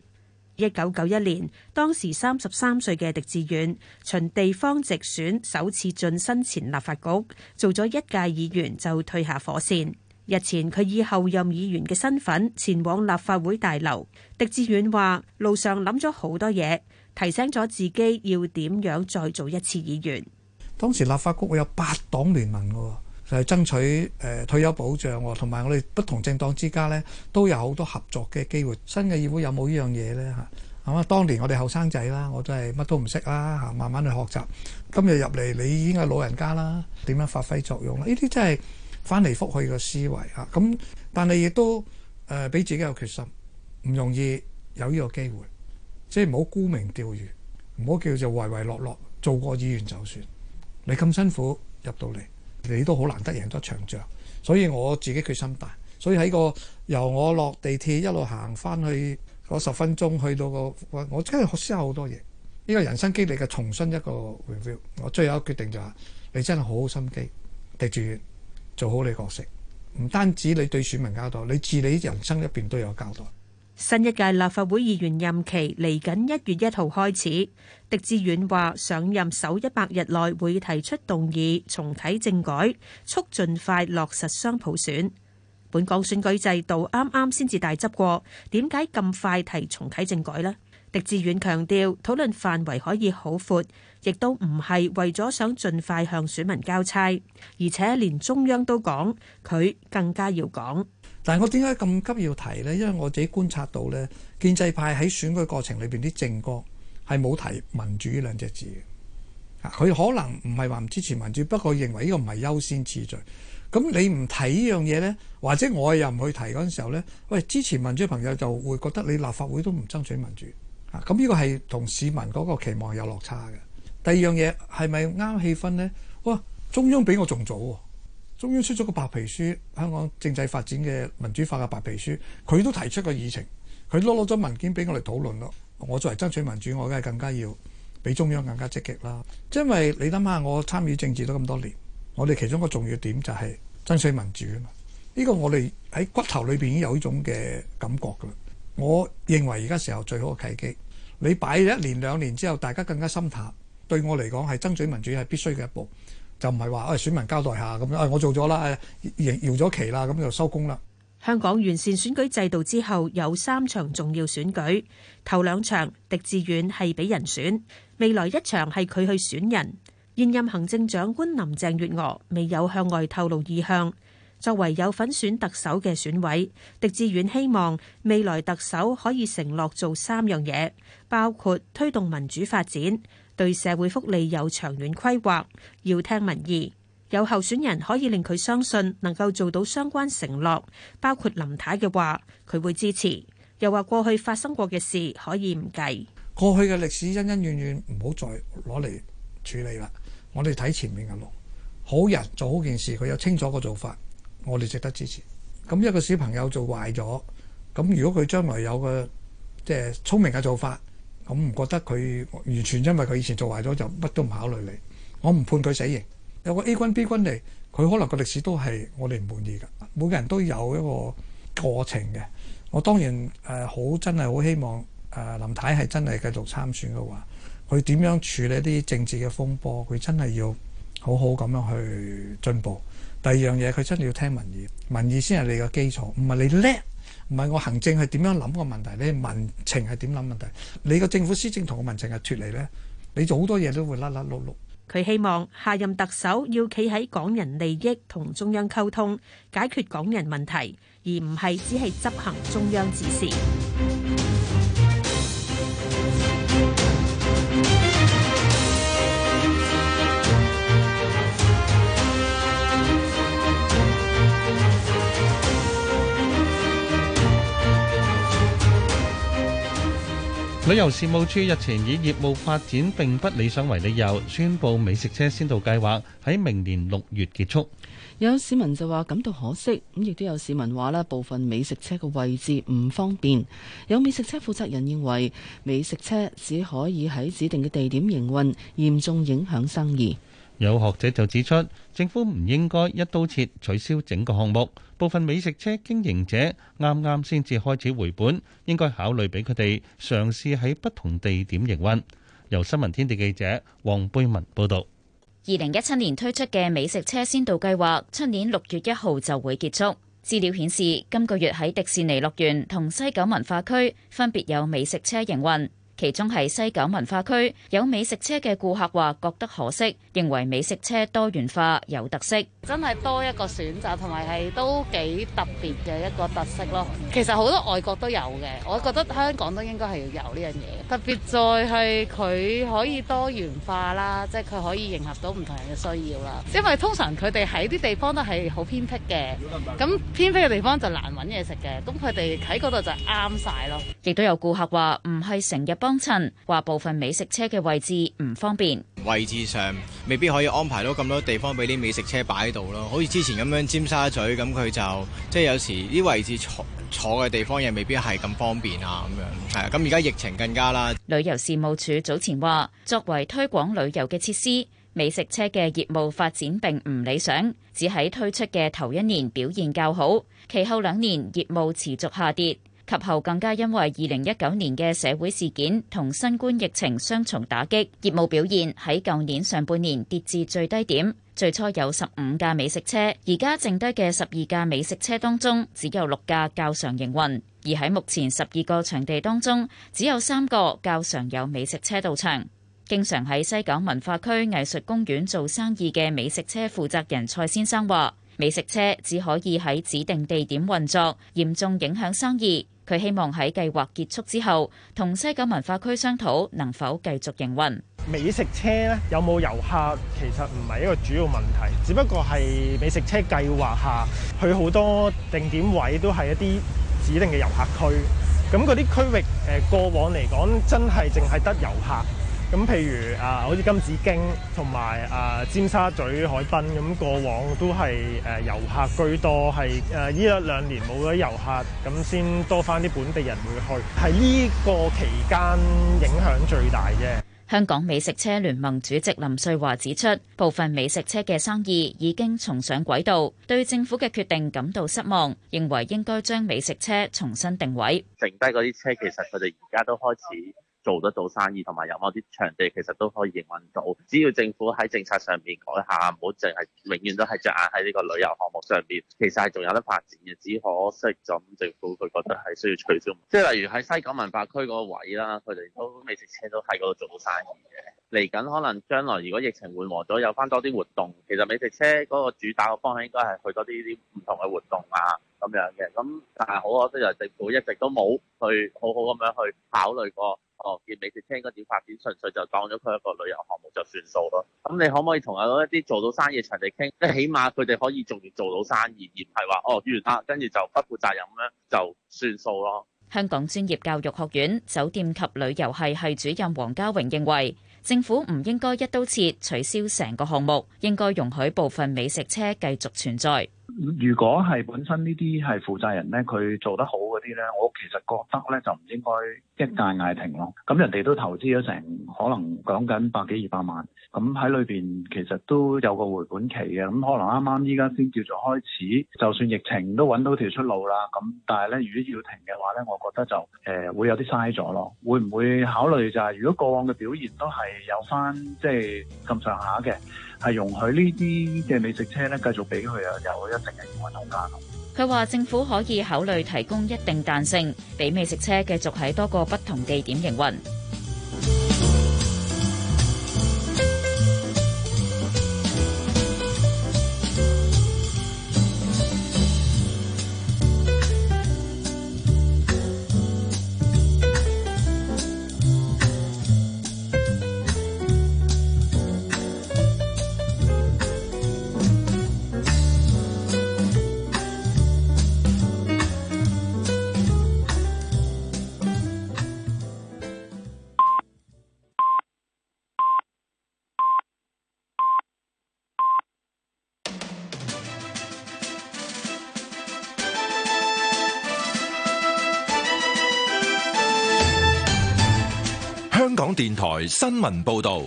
M: 一九九一年，當時三十三歲嘅狄志遠，循地方直選首次晉身前立法局，做咗一屆議員就退下火線。日前佢以候任議員嘅身份前往立法會大樓，狄志遠話路上諗咗好多嘢，提醒咗自己要點樣再做一次議員。
R: 當時立法局有八黨聯盟嘅。就係爭取誒退休保障喎，同埋我哋不同政黨之間呢，都有好多合作嘅機會。新嘅議會有冇呢樣嘢呢？嚇，係嘛？當年我哋後生仔啦，我都係乜都唔識啦，嚇，慢慢去學習。今日入嚟你已經係老人家啦，點樣發揮作用咧？呢啲真係翻嚟覆去嘅思維嚇。咁、啊、但係亦都誒俾、呃、自己有決心，唔容易有呢個機會，即係唔好沽名釣譽，唔好叫做唯唯諾諾做過議員就算。你咁辛苦入到嚟。你都好難得贏咗一場仗，所以我自己決心大，所以喺個由我落地鐵一路行翻去嗰十分鐘，去到個我真係學識好多嘢，呢個人生經歷嘅重新一個 review。我最後一個決定就係你真係好好心機，地主做好你角色，唔單止你對選民交代，你自己人生入邊都有交代。
M: 新一屆立法會議員任期嚟緊一月一號開始，狄志遠話上任首一百日內會提出動議，重啟政改，促盡快落實雙普選。本港選舉制度啱啱先至大執過，點解咁快提重啟政改呢？狄志遠強調，討論範圍可以好闊，亦都唔係為咗想盡快向選民交差，而且連中央都講，佢更加要講。但係我點解咁急要提呢？因為我自己觀察到呢，
R: 建制派喺選舉過程裏邊啲政綱係冇提民主呢兩隻字嘅。佢、啊、可能唔係話唔支持民主，不過認為呢個唔係優先次序。咁你唔提呢樣嘢呢，或者我又唔去提嗰陣時候呢，喂，支持民主朋友就會覺得你立法會都唔爭取民主。啊，咁呢個係同市民嗰個期望有落差嘅。第二樣嘢係咪啱氣氛呢？哇，中央比我仲早喎、啊！中央出咗個白皮書，香港政制發展嘅民主化嘅白皮書，佢都提出個議程，佢攞攞咗文件俾我哋討論咯。我作為爭取民主，我梗係更加要比中央更加積極啦。因為你諗下，我參與政治都咁多年，我哋其中個重要點就係爭取民主啊嘛。呢個我哋喺骨頭裏邊已經有一種嘅感覺噶啦。我認為而家時候最好嘅契機，你擺一年兩年之後，大家更加心淡。對我嚟講，係爭取民主係必須嘅一步。就唔係話誒選民交代下咁樣，哎，我做咗啦，搖搖咗旗啦，咁就收工啦。
M: 香港完善選舉制度之後，有三場重要選舉，頭兩場狄志遠係俾人選，未來一場係佢去選人。現任行政長官林鄭月娥未有向外透露意向。作為有份選特首嘅選委，狄志遠希望未來特首可以承諾做三樣嘢，包括推動民主發展。對社會福利有長遠規劃，要聽民意。有候選人可以令佢相信能夠做到相關承諾，包括林太嘅話，佢會支持。又話過去發生過嘅事可以唔計，
R: 過去嘅歷史恩恩怨怨唔好再攞嚟處理啦。我哋睇前面嘅路，好人做好件事，佢有清楚嘅做法，我哋值得支持。咁一個小朋友做壞咗，咁如果佢將來有個即係聰明嘅做法。我唔覺得佢完全因為佢以前做壞咗就乜都唔考慮你。我唔判佢死刑。有個 A 君、B 君嚟，佢可能個歷史都係我哋唔滿意㗎。每個人都有一個過程嘅。我當然誒、呃、好真係好希望、呃、林太係真係繼續參選嘅話，佢點樣處理一啲政治嘅風波？佢真係要好好咁樣去進步。第二樣嘢，佢真係要聽民意，民意先係你嘅基礎，唔係你叻。唔係我行政係點樣諗個問題，你民情係點諗問題？你個政府施政同個民情係脫離呢，你做好多嘢都會甩甩
M: 碌碌。佢希望下任特首要企喺港人利益同中央溝通，解決港人問題，而唔係只係執行中央指示。
D: 旅遊事務處日前以業務發展並不理想為理由，宣佈美食車先導計劃喺明年六月結束。
C: 有市民就話感到可惜，咁亦都有市民話啦，部分美食車嘅位置唔方便。有美食車負責人認為，美食車只可以喺指定嘅地點營運，嚴重影響生意。
D: 有學者就指出，政府唔應該一刀切取消整個項目，部分美食車經營者啱啱先至開始回本，應該考慮俾佢哋嘗試喺不同地點營運。由新聞天地記者黃貝文報道。
S: 二零一七年推出嘅美食車先導計劃，出年六月一號就會結束。資料顯示，今個月喺迪士尼樂園同西九文化區分別有美食車營運。其中係西九文化區有美食車嘅顧客話覺得可惜，認為美食車多元化有特色，
T: 真係多一個選擇同埋係都幾特別嘅一個特色咯。其實好多外國都有嘅，我覺得香港都應該係要有呢樣嘢，特別在係佢可以多元化啦，即係佢可以迎合到唔同人嘅需要啦。因為通常佢哋喺啲地方都係好偏僻嘅，咁偏僻嘅地方就難揾嘢食嘅，咁佢哋喺嗰度就啱晒咯。亦
S: 都有顧客話唔係成日幫。幫襯，話部分美食車嘅位置唔方便，
A: 位置上未必可以安排到咁多地方俾啲美食車擺喺度咯。好似之前咁樣尖沙咀，
S: 咁佢就即係、就是、有時啲位置坐坐嘅地方，又未必係咁方便啊咁樣。係啊，咁而家疫情更加啦。旅遊事務署早前話，作為推廣旅遊嘅設施，美食車嘅業務發展並唔理想，只喺推出嘅頭一年表現較好，其後兩年業務持續下跌。及後更加因為二零一九年嘅社會事件同新冠疫情雙重打擊，業務表現喺舊年上半年跌至最低點。最初有十五架美食車，而家剩低嘅十二架美食車當中只有六架較常營運。而喺目前十二個場地當中，只有三個較常有美食車到場。經常喺西九文化區藝術公園做生意嘅美食車負責人蔡先生話，美食車只可以喺指定地點運作，嚴重影響生意。佢希望喺計劃結束之後，同西九文化區商討能否繼續營運。美食車咧有冇遊客，其實唔係一個主要問題，只不過係美食車計劃下，
I: 佢好多定點位都係一啲指定嘅遊客區。咁嗰啲區域誒，過往嚟講真係淨係得遊客。咁譬如啊，好似金紫荊同埋啊，尖沙咀海濱咁，過往都係誒遊客居
S: 多，係誒呢一兩年冇咗遊客，咁先多翻啲本地人會去。喺呢個期間影響最大嘅香港美食車聯盟主席林瑞華指出，部分美食車嘅生意已經重上軌道，對政府嘅決定感到失望，認為應該將美食車重新定位。剩低嗰啲車其
P: 實佢哋而家都開始。做得到生意，同埋有某啲場地，其實都可以營運到。只要政府喺政策上面改下，唔好淨係永遠都係着眼喺呢個旅遊項目上邊，其實係仲有得發展嘅。只可惜就咁，政府佢覺得係需要取消。即係例如喺西九文化區嗰個位啦，佢哋都美食車都喺嗰度做到生意嘅。嚟緊可能將來如果疫情緩和咗，有翻多啲活動，其實美食車嗰個主打嘅方向應該係去多啲啲唔同嘅活動啊咁樣嘅。咁但係好多都就政府一直都冇去好好咁樣去考慮過。哦，建美食車應該點發展？純粹就當咗佢一個旅遊項目就算數咯。咁你可唔可以同啊一啲做到生意場地傾，即起碼佢哋可以仲做到生意，而唔係話哦完啊，跟住就不負責任咧，就算數咯。
S: 香港專業教育學院酒店及旅遊系系主任黃家榮認為，政府唔應該一刀切取消成個項目，應該容許部分美食車繼續存在。
E: 如果係本身呢啲係負責人呢，佢做得好嗰啲呢，我其實覺得呢就唔應該一屆嗌停咯。咁人哋都投資咗成可能講緊百幾二百萬，咁喺裏邊其實都有個回本期嘅。咁可能啱啱依家先叫做開始，就算疫情都揾到條出路啦。咁但係呢，如果要停嘅話呢，我覺得就誒、呃、會有啲嘥咗咯。會唔會考慮就係、是、如果過往嘅表現都係有返，即係咁上下嘅？係容許呢啲嘅美食車咧，繼續俾佢啊，有一定嘅營運空間。
S: 佢話政府可以考慮提供一定彈性，俾美食車繼續喺多個不同地點營運。
B: 新聞報道，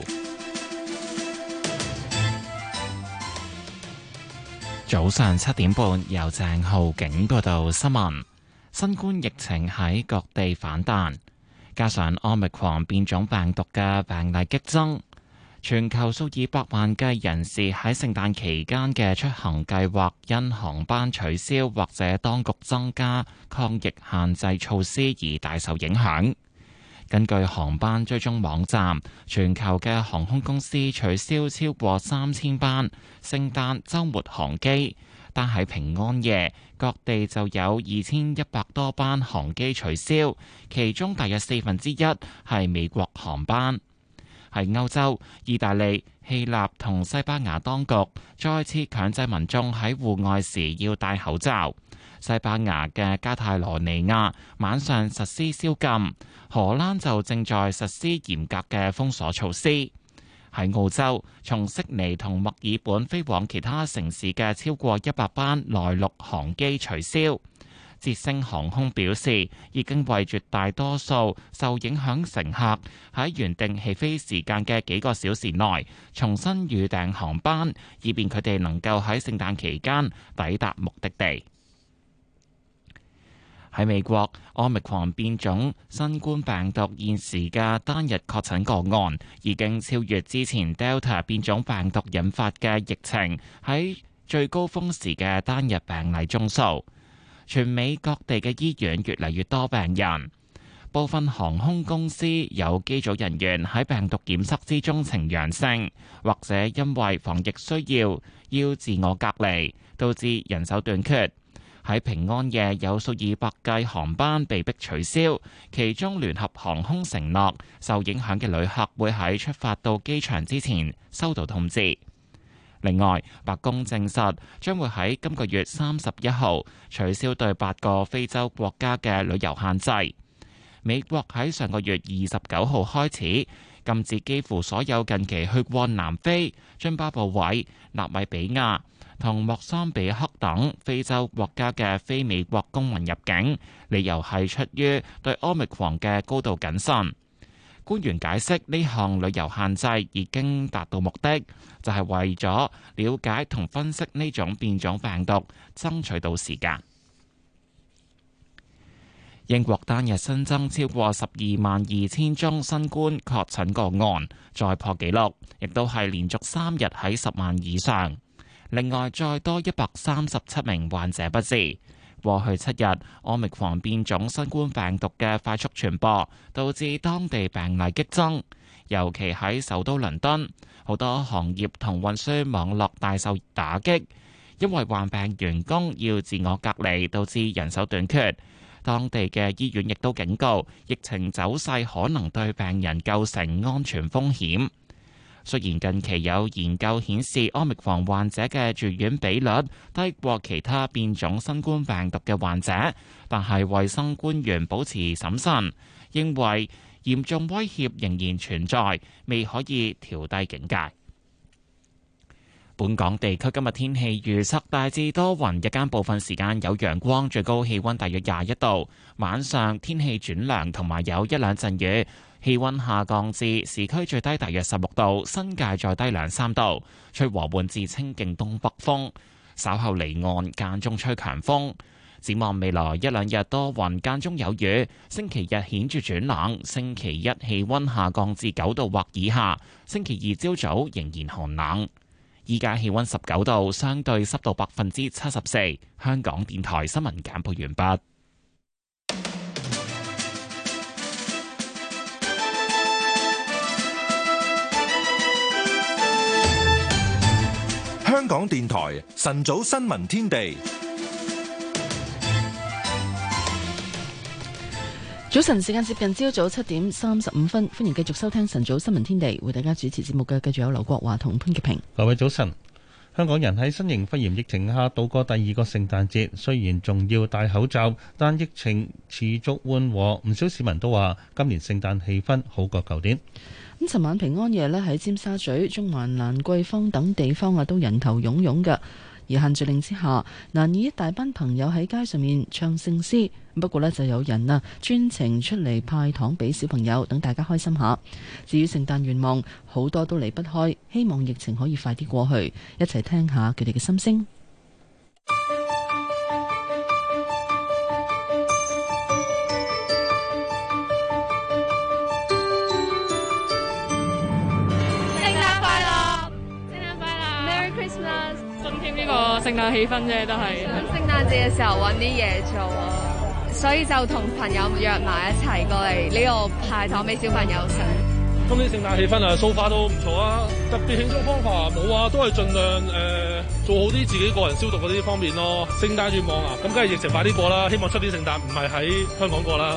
P: 早上七點半由鄭浩景報道新聞。新冠疫情喺各地反彈，加上奧密克戎變種病毒嘅病例激增，全球數以百萬計人士喺聖誕期間嘅出行計劃因航班取消或者當局增加抗疫限制措施而大受影響。根據航班追蹤網站，全球嘅航空公司取消超過三千班聖誕周末航機。但喺平安夜，各地就有二千一百多班航機取消，其中大約四分之一係美國航班。喺歐洲，意大利、希臘同西班牙當局再次強制民眾喺戶外時要戴口罩。西班牙嘅加泰羅尼亞晚上實施宵禁。荷蘭就正在實施嚴格嘅封鎖措施。喺澳洲，從悉尼同墨爾本飛往其他城市嘅超過一百班內陸航機取消。捷星航空表示，已經為絕大多數受影響乘客喺原定起飛飛時間嘅幾個小時內重新預訂航班，以便佢哋能夠喺聖誕期間抵達目的地。喺美國，Omicron 變種新冠病毒現時嘅單日確診個案已經超越之前 Delta 變種病毒引發嘅疫情喺最高峰時嘅單日病例宗數。全美各地嘅醫院越嚟越多病人，部分航空公司有機組人員喺病毒檢測之中呈陽性，或者因為防疫需要要自我隔離，導致人手短缺。喺平安夜有數以百計航班被迫取消，其中聯合航空承諾，受影響嘅旅客會喺出發到機場之前收到通知。另外，白宮證實將會喺今個月三十一號取消對八個非洲國家嘅旅遊限制。美國喺上個月二十九號開始禁止幾乎所有近期去過南非、津巴布韋、納米比亞，同莫桑比克等非洲國家嘅非美國公民入境，理由係出於對 Omicron 嘅高度謹慎。官員解釋，呢項旅游限制已經達到目的，就係、是、為咗了，了解同分析呢種變種病毒，爭取到時間。英國單日新增超過十二萬二千宗新冠確診個案，再破紀錄，亦都係連續三日喺十萬以上。另外，再多一百三十七名患者不治。過去七日，奧密克戎變種新冠病毒嘅快速傳播，導致當地病例激增。尤其喺首都倫敦，好多行業同運輸網絡大受打擊，因為患病員工要自我隔離，導致人手短缺。當地嘅醫院亦都警告，疫情走勢可能對病人構成安全風險。雖然近期有研究顯示 Omicron 患者嘅住院比率低過其他變種新冠病毒嘅患者，但係衛生官員保持審慎，認為嚴重威脅仍然存在，未可以調低警戒。本港地區今日天氣預測大致多雲，日間部分時間有陽光，最高氣溫大約廿一度。晚上天氣轉涼，同埋有，有一兩陣雨。氣溫下降至市區最低大約十六度，新界再低兩三度，吹和緩至清勁東北風。稍後離岸間中吹強風。展望未來一兩日多雲間中有雨，星期日顯著轉冷，星期一氣溫下降至九度或以下，星期二朝早仍然寒冷。依家氣溫十九度，相對濕度百分之七十四。香港電台新聞簡報完畢。
B: 香港電台晨早新聞天地，
C: 早晨時間接近朝早七點三十五分，歡迎繼續收聽晨早新聞天地，為大家主持節目嘅，繼續有劉國華同潘潔平。
D: 各位早晨，香港人喺新型肺炎疫情下度過第二個聖誕節，雖然仲要戴口罩，但疫情持續緩和，唔少市民都話今年聖誕氣氛好過舊年。
C: 咁，尋晚平安夜呢，喺尖沙咀、中環、蘭桂坊等地方啊，都人頭湧湧㗎。而限聚令之下，難以一大班朋友喺街上面唱聖詩。不過呢，就有人啊，專程出嚟派糖俾小朋友，等大家開心下。至於聖誕願望，好多都離不開希望疫情可以快啲過去，一齊聽下佢哋嘅心聲。
Q: 聖誕
G: 氣氛啫，都係聖
O: 誕
C: 節嘅時候搵啲嘢做啊，所以就同朋友約埋一齊過嚟呢度派糖俾小朋友食。
J: 今年聖誕氣氛啊，so far 都唔錯啊，特別慶祝方法冇啊，都係盡量誒、呃、做好啲自己個人消毒嗰啲方面咯。聖誕願望啊，咁梗係疫情快啲過啦，希望出啲聖誕唔係喺香港過啦。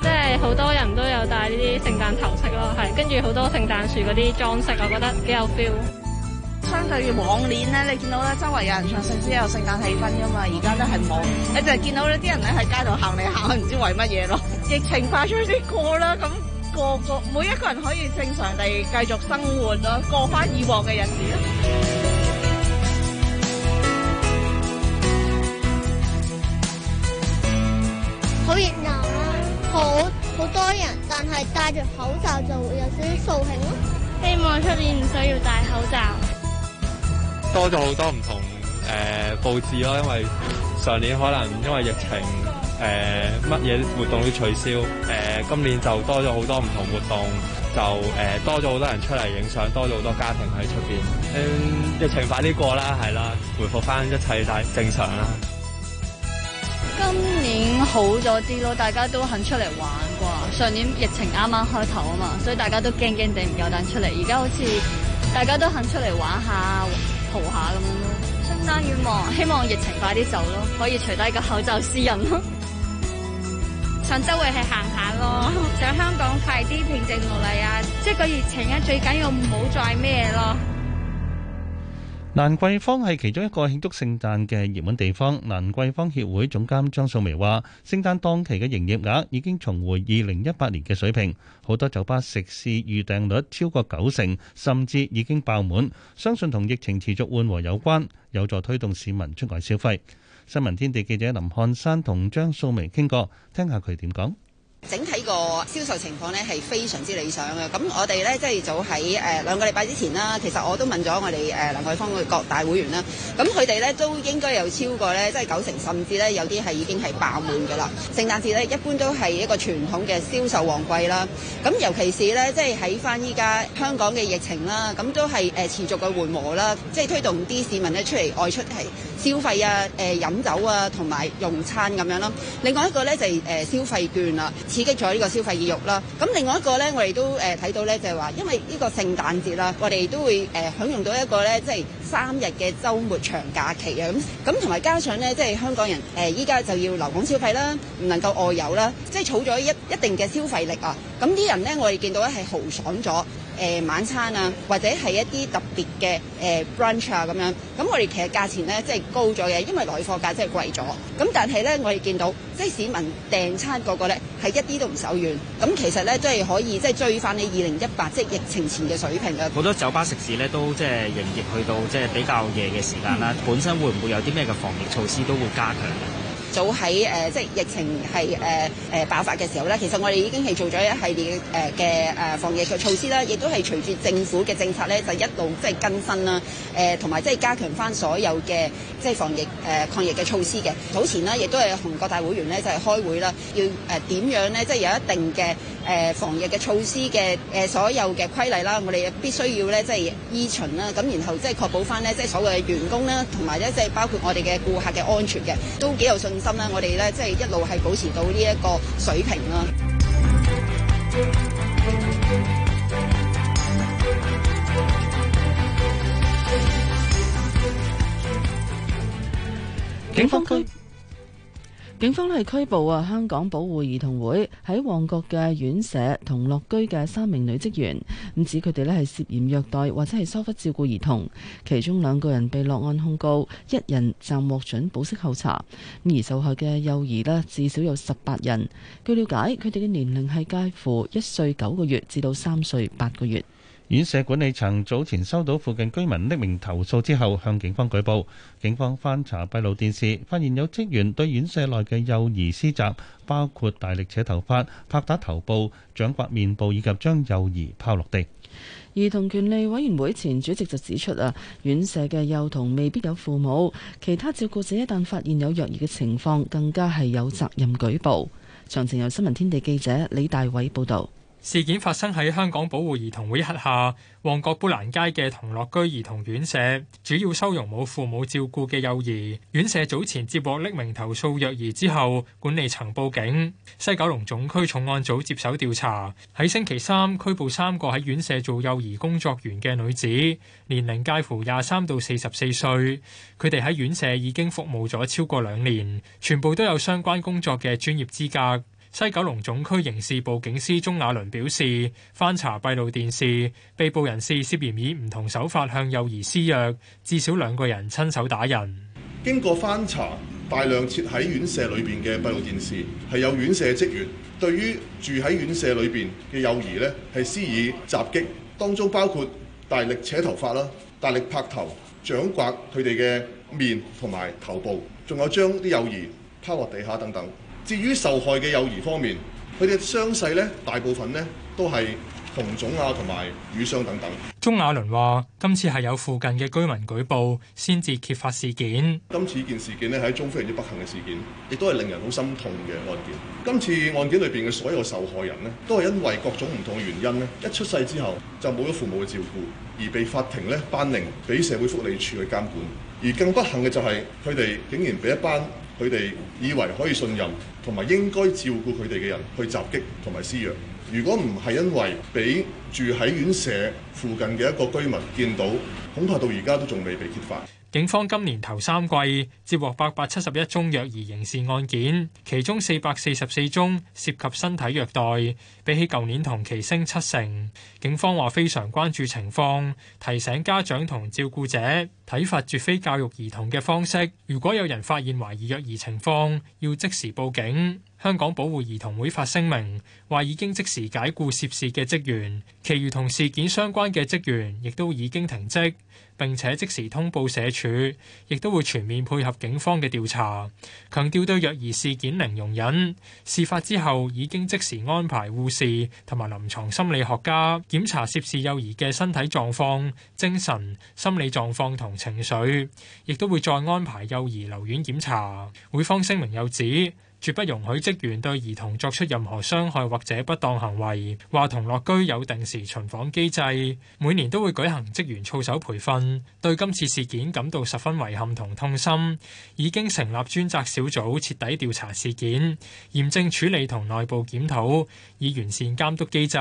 O: 即係好多人都有戴呢啲聖誕頭飾咯、啊，係跟住好多聖誕樹嗰啲裝飾，我覺得幾有 feel。
T: 相對於往年咧，你見到咧，周圍有人唱聖詩，有聖誕氣氛噶嘛，而家都係冇，你就係見到呢啲人咧喺街度行嚟行去，唔知為乜嘢咯。 <laughs> 疫情快啲過啦，咁個個每一個人可以正常地繼續生活咯，過翻以往嘅日子咯。
Q: 好熱鬧啊，好，好多
I: 人，
C: 但係戴住口罩就會有少少掃興咯。希望出年唔需要戴口罩。
H: 多咗好多唔同誒、呃、佈置咯，因為上年可能因為疫情誒乜嘢活動都取消，誒、呃、今年就多咗好多唔同活動，就誒、呃、多咗好多人出嚟影相，多咗好多家庭喺出
J: 邊。嗯、呃，疫情快啲過啦，係啦，回復翻一切就係正常啦。
T: 今年好咗啲咯，大家都肯出嚟玩啩。上年
U: 疫情啱啱開頭啊嘛，所以大家都驚驚地唔夠膽出嚟，而家好似大家都肯
G: 出嚟玩下。逃下咁樣咯，相當願望希望疫情快啲走咯，可以除低個口罩私隱咯，上周圍去行下咯，想香港快啲平靜落嚟啊！即、這、係個疫情啊，最緊要唔好再咩咯。
D: 蘭桂坊係其中一個慶祝聖誕嘅熱門地方。蘭桂坊協會總監張素梅話，聖誕當期嘅營業額已經重回二零一八年嘅水平，好多酒吧食肆預訂率超過九成，甚至已經爆滿。相信同疫情持續緩和有關，有助推動市民出外消費。新聞天地記者林漢山同張素梅傾過，聽下佢點講。
U: 整體個銷售情況咧，係非常之理想嘅，咁我哋咧即係早喺誒、呃、兩個禮拜之前啦，其實我都問咗我哋誒蘭桂坊嘅各大會員啦，咁佢哋咧都應該有超過咧即係九成，甚至咧有啲係已經係爆滿噶啦。聖誕節咧一般都係一個傳統嘅銷售旺季啦，咁尤其是咧即係喺翻依家香港嘅疫情啦，咁都係誒持續嘅緩和啦，即係推動啲市民咧出嚟外出係消費啊、誒、呃、飲酒啊同埋用餐咁樣咯。另外一個咧就係、是、誒消費券啦。刺激咗呢個消費意欲啦。咁另外一個呢，我哋都誒睇、呃、到呢，就係話，因為呢個聖誕節啦，我哋都會誒、呃、享用到一個呢，即係三日嘅週末長假期啊。咁咁同埋加上呢，即係香港人誒依家就要留港消費啦，唔能夠外遊啦，即係儲咗一一定嘅消費力啊。咁啲人呢，我哋見到咧係豪爽咗。誒、呃、晚餐啊，或者係一啲特別嘅誒、呃、brunch 啊咁樣，咁我哋其實價錢咧即係高咗嘅，因為來貨價真係貴咗。咁但係咧，我哋見到即係市民訂餐個個咧係一啲都唔手軟。咁其實咧即係可以即係、就是、追翻你二零一八即係疫情前嘅水平㗎。好
I: 多酒吧食肆咧都即係營業去到即係比較夜嘅時間啦。嗯、本身會唔會有啲咩嘅防疫措施都會加強？
U: 早喺誒、呃、即係疫情係誒誒爆發嘅時候咧，其實我哋已經係做咗一系列誒嘅誒防疫嘅措施啦，亦都係隨住政府嘅政策咧，就一路即係更新啦，誒同埋即係加強翻所有嘅即係防疫誒、呃、抗疫嘅措施嘅。早前咧，亦都係同各大會員咧就係、是、開會啦，要誒點樣咧，即、就、係、是、有一定嘅誒、呃、防疫嘅措施嘅誒、呃、所有嘅規例啦、啊，我哋必須要咧即係依循啦，咁、啊、然後即係確保翻咧即係所有嘅員工啦，同埋咧即係包括我哋嘅顧客嘅安全嘅，都幾有信心，有信心。啦，我哋咧即係一路係保持到呢一個水平啦。
C: 警方拘。警方咧係拘捕啊，香港保護兒童會喺旺角嘅院舍童樂居嘅三名女職員，咁指佢哋咧係涉嫌虐待或者係疏忽照顧兒童，其中兩個人被落案控告，一人暫獲准保釋候查，咁而受害嘅幼兒咧至少有十八人，據了解佢哋嘅年齡係介乎一歲九個月至到三歲八個月。院舍管理層早前收到附近
D: 居民匿名投訴之後，向警方舉報。警方翻查閉路電視，發現有職員對院舍內嘅幼兒施襲，包括大力扯頭髮、拍打頭部、掌摑面部以及將幼兒拋落地。
C: 兒童權利委員會前主席就指出啊，院舍嘅幼童未必有父母，其他照顧者一旦發現有虐兒嘅情況，更加係有責任舉報。詳情由新聞天地記者李大偉報道。
H: 事件發生喺香港保護兒童會轄下旺角砵蘭街嘅童樂居兒童院舍，主要收容冇父母照顧嘅幼兒。院舍早前接獲匿名投訴虐兒之後，管理層報警，西九龍總區重案組接手調查。喺星期三拘捕三個喺院舍做幼兒工作員嘅女子，年齡介乎廿三到四十四歲。佢哋喺院舍已經服務咗超過兩年，全部都有相關工作嘅專業資格。西九龍總區刑事部警司鍾雅倫表示，翻查閉路電視，被捕人士涉嫌以唔同手法向幼兒施虐，至少兩個人親手打人。
K: 經過翻查大量設喺院舍裏邊嘅閉路電視，係有院舍職員對於住喺院舍裏邊嘅幼兒呢，係施以襲擊，當中包括大力扯頭髮啦、大力拍頭、掌摑佢哋嘅面同埋頭部，仲有將啲幼兒拋落地下等等。至於受害嘅幼兒方面，佢哋嘅傷勢咧，大部分咧都係紅腫啊，同埋瘀傷等等。
H: 鍾雅倫話：今次係有附近嘅居民舉報，先至揭發事件。
K: 今次件事件咧，係一宗非常之不幸嘅事件，亦都係令人好心痛嘅案件。今次案件裏邊嘅所有受害人咧，都係因為各種唔同嘅原因咧，一出世之後就冇咗父母嘅照顧，而被法庭咧頒令俾社會福利署去監管。而更不幸嘅就係、是，佢哋竟然俾一班佢哋以為可以信任同埋應該照顧佢哋嘅人去襲擊同埋施虐，如果唔係因為俾住喺院舍附近嘅一個居民見到，恐怕到而家都仲未被揭發。
H: 警方今年頭三季接獲八百七十一宗虐兒刑事案件，其中四百四十四宗涉及身體虐待，比起舊年同期升七成。警方話非常關注情況，提醒家長同照顧者體罰絕非教育兒童嘅方式。如果有人發現懷疑虐兒情況，要即時報警。香港保護兒童會發聲明話，已經即時解僱涉事嘅職員，其餘同事件相關嘅職員亦都已經停職。並且即時通報社署，亦都會全面配合警方嘅調查，強調對虐兒事件零容忍。事發之後已經即時安排護士同埋臨床心理學家檢查涉事幼兒嘅身體狀況、精神、心理狀況同情緒，亦都會再安排幼兒留院檢查。會方聲明又指，絕不容許職員對兒童作出任何傷害或者不當行為。話童樂居有定時巡訪機制，每年都會舉行職員操守培訓。對今次事件感到十分遺憾同痛心，已經成立專責小組徹底調查事件，嚴正處理同內部檢討，以完善監督機制。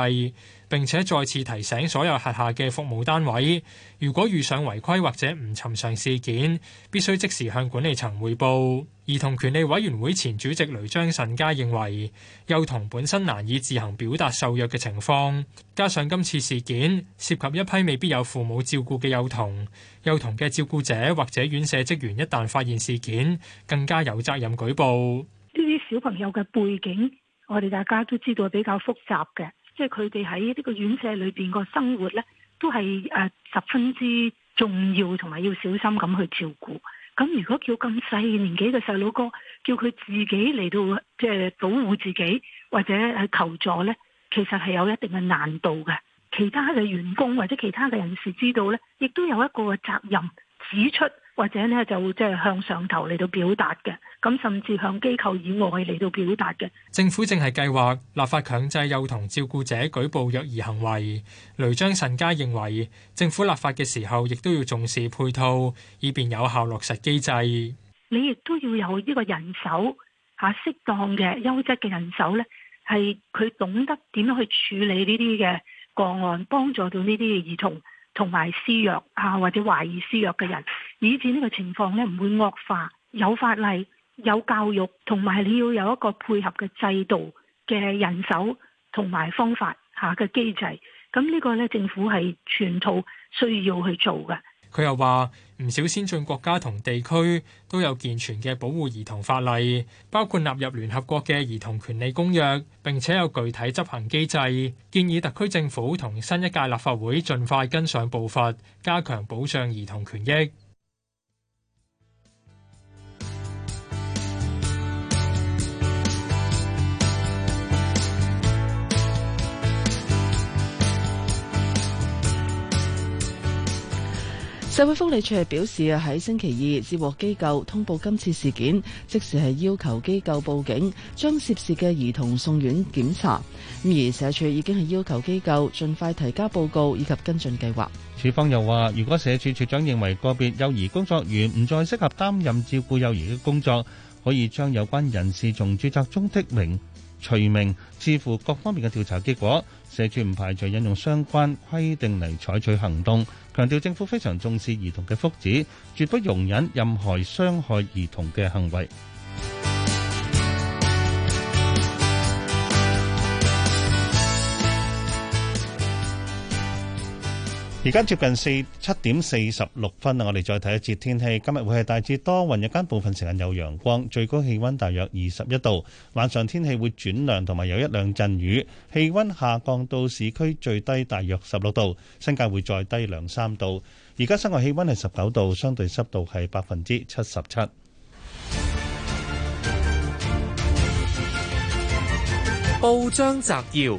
H: 並且再次提醒所有轄下嘅服務單位，如果遇上違規或者唔尋常事件，必須即時向管理層匯報。兒童權利委員會前主席雷張慎佳認為，幼童本身難以自行表達受虐嘅情況，加上今次事件涉及一批未必有父母照顧嘅幼童，幼童嘅照顧者或者院舍職員一旦發現事件，更加有責任
T: 舉報。呢啲小朋友嘅背景，我哋大家都知道比較複雜嘅。即係佢哋喺呢個院舍裏邊個生活呢，都係誒、呃、十分之重要，同埋要小心咁去照顧。咁如果叫咁細年紀嘅細佬哥叫佢自己嚟到即係保護自己或者去求助呢，其實係有一定嘅難度嘅。其他嘅員工或者其他嘅人士知道呢，亦都有一個責任指出。或者呢，就即係向上頭嚟到表達嘅，咁甚至向機構以外嚟到表達嘅。
H: 政府正係計劃立法強制幼童照顧者舉報虐兒行為。雷張慎佳認為政府立法嘅時候，亦都要重視配套，以便有效落實機制。
T: 你亦都要有呢個人手吓，適當嘅優質嘅人手咧，係佢懂得點樣去處理呢啲嘅個案，幫助到呢啲嘅兒童。同埋施虐啊，或者懷疑施虐嘅人，以至呢個情況咧唔會惡化，有法例、有教育，同埋你要有一個配合嘅制度嘅人手同埋方法嚇嘅機制，咁、這、呢個咧政府係全套需要去做嘅。
H: 佢又話，唔少先進國家同地區都有健全嘅保護兒童法例，包括納入聯合國嘅兒童權利公約，並且有具體執行機制。建議特區政府同新一屆立法會盡快跟上步伐，加強保障兒童權益。
C: 社會福利署表示喺星期二接獲機構通報今次事件，即時係要求機構報警，將涉事嘅兒童送院檢查。而社署已經係要求機構盡快提交報告以及跟進計劃。
D: 署方又話，如果社署署長認為個別幼兒工作員唔再適合擔任照顧幼兒嘅工作，可以將有關人士從註冊中剔名。除名似乎各方面嘅調查結果，社署唔排除引用相關規定嚟採取行動。強調政府非常重視兒童嘅福祉，絕不容忍任何傷害兒童嘅行為。而家接近四七點四十六分啊！我哋再睇一次天氣。今日會係大致多雲，日間部分時間有陽光，最高氣溫大約二十一度。晚上天氣會轉涼，同埋有一兩陣雨，氣溫下降到市區最低大約十六度，新界會再低兩三度。而家室外氣溫係十九度，相對濕度係百分之七十七。報章摘要。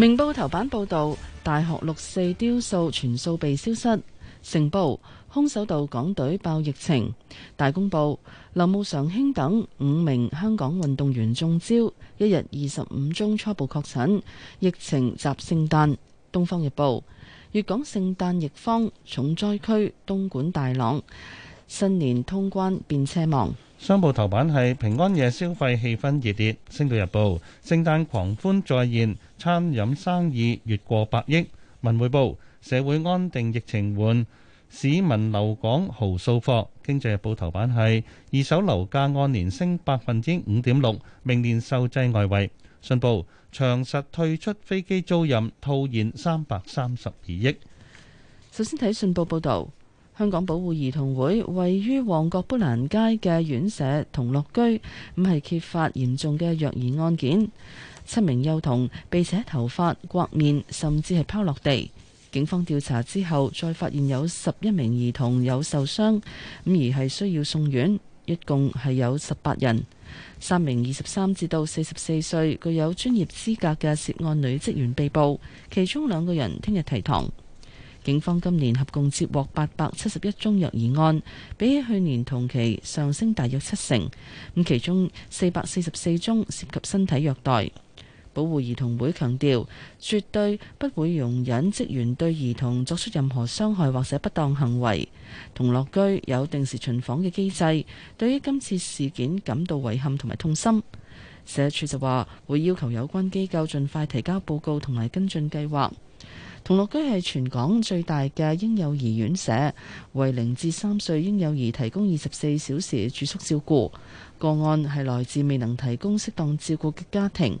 C: 明報頭版報導，大學六四雕塑全數被消失。成報，空手道港隊爆疫情。大公報，劉慕裳興等五名香港運動員中招，一日二十五宗初步確診，疫情襲聖誕。《東方日報》粵港聖誕疫方重災區東莞大朗，新年通關變車忙。
D: 商報頭版係平安夜消費氣氛熱烈，星島日報聖誕狂歡再現，餐飲生意越過百億。文匯報社會安定疫情緩，市民留港豪掃貨。經濟日報頭版係二手樓價按年升百分之五點六，明年受制外圍。信報長實退出飛機租賃，套現三百三十
C: 二億。首先睇信報報道。香港保護兒童會位於旺角砵蘭街嘅院舍同樂居，咁係揭發嚴重嘅虐兒案件，七名幼童被扯頭髮、刮面，甚至係拋落地。警方調查之後，再發現有十一名兒童有受傷，咁而係需要送院，一共係有十八人。三名二十三至到四十四歲具有專業資格嘅涉案女職員被捕，其中兩個人聽日提堂。警方今年合共接獲八百七十一宗虐兒案，比起去年同期上升大約七成。咁其中四百四十四宗涉及身體虐待。保護兒童會強調，絕對不會容忍職員對兒童作出任何傷害或者不當行為。同樂居有定時巡訪嘅機制，對於今次事件感到遺憾同埋痛心。社署就話會要求有關機構盡快提交報告同埋跟進計劃。同樂居係全港最大嘅嬰幼兒院舍，為零至三歲嬰幼兒提供二十四小時住宿照顧。個案係來自未能提供適當照顧嘅家庭。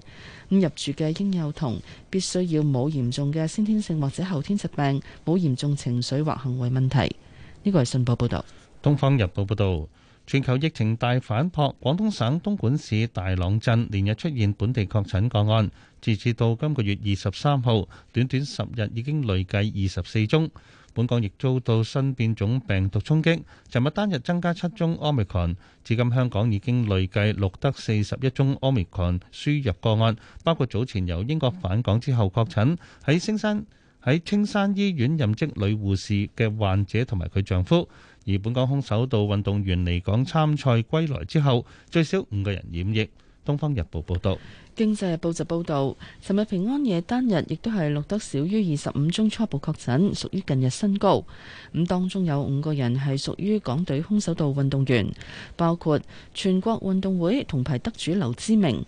C: 咁入住嘅嬰幼童必須要冇嚴重嘅先天性或者後天疾病，冇嚴重情緒或行為問題。呢個係信報報道。
D: 《東方日報》報道，全球疫情大反撲，廣東省東莞市大朗鎮連日出現本地確診個案。截至到今個月二十三號，短短十日已經累計二十四宗。本港亦遭到新變種病毒衝擊，尋日單日增加七宗 Omicron。至今香港已經累計錄得四十一宗 Omicron 輸入個案，包括早前由英國返港之後確診喺青山喺青山醫院任職女護士嘅患者同埋佢丈夫。而本港空手道運動員嚟港參賽歸來之後，最少五個人染疫。《東方日報》報道報導。
C: 《經濟日報》就報道，尋日平安夜單日亦都係錄得少於二十五宗初步確診，屬於近日新高。咁、嗯、當中有五個人係屬於港隊空手道運動員，包括全國運動會銅牌得主劉之明。咁、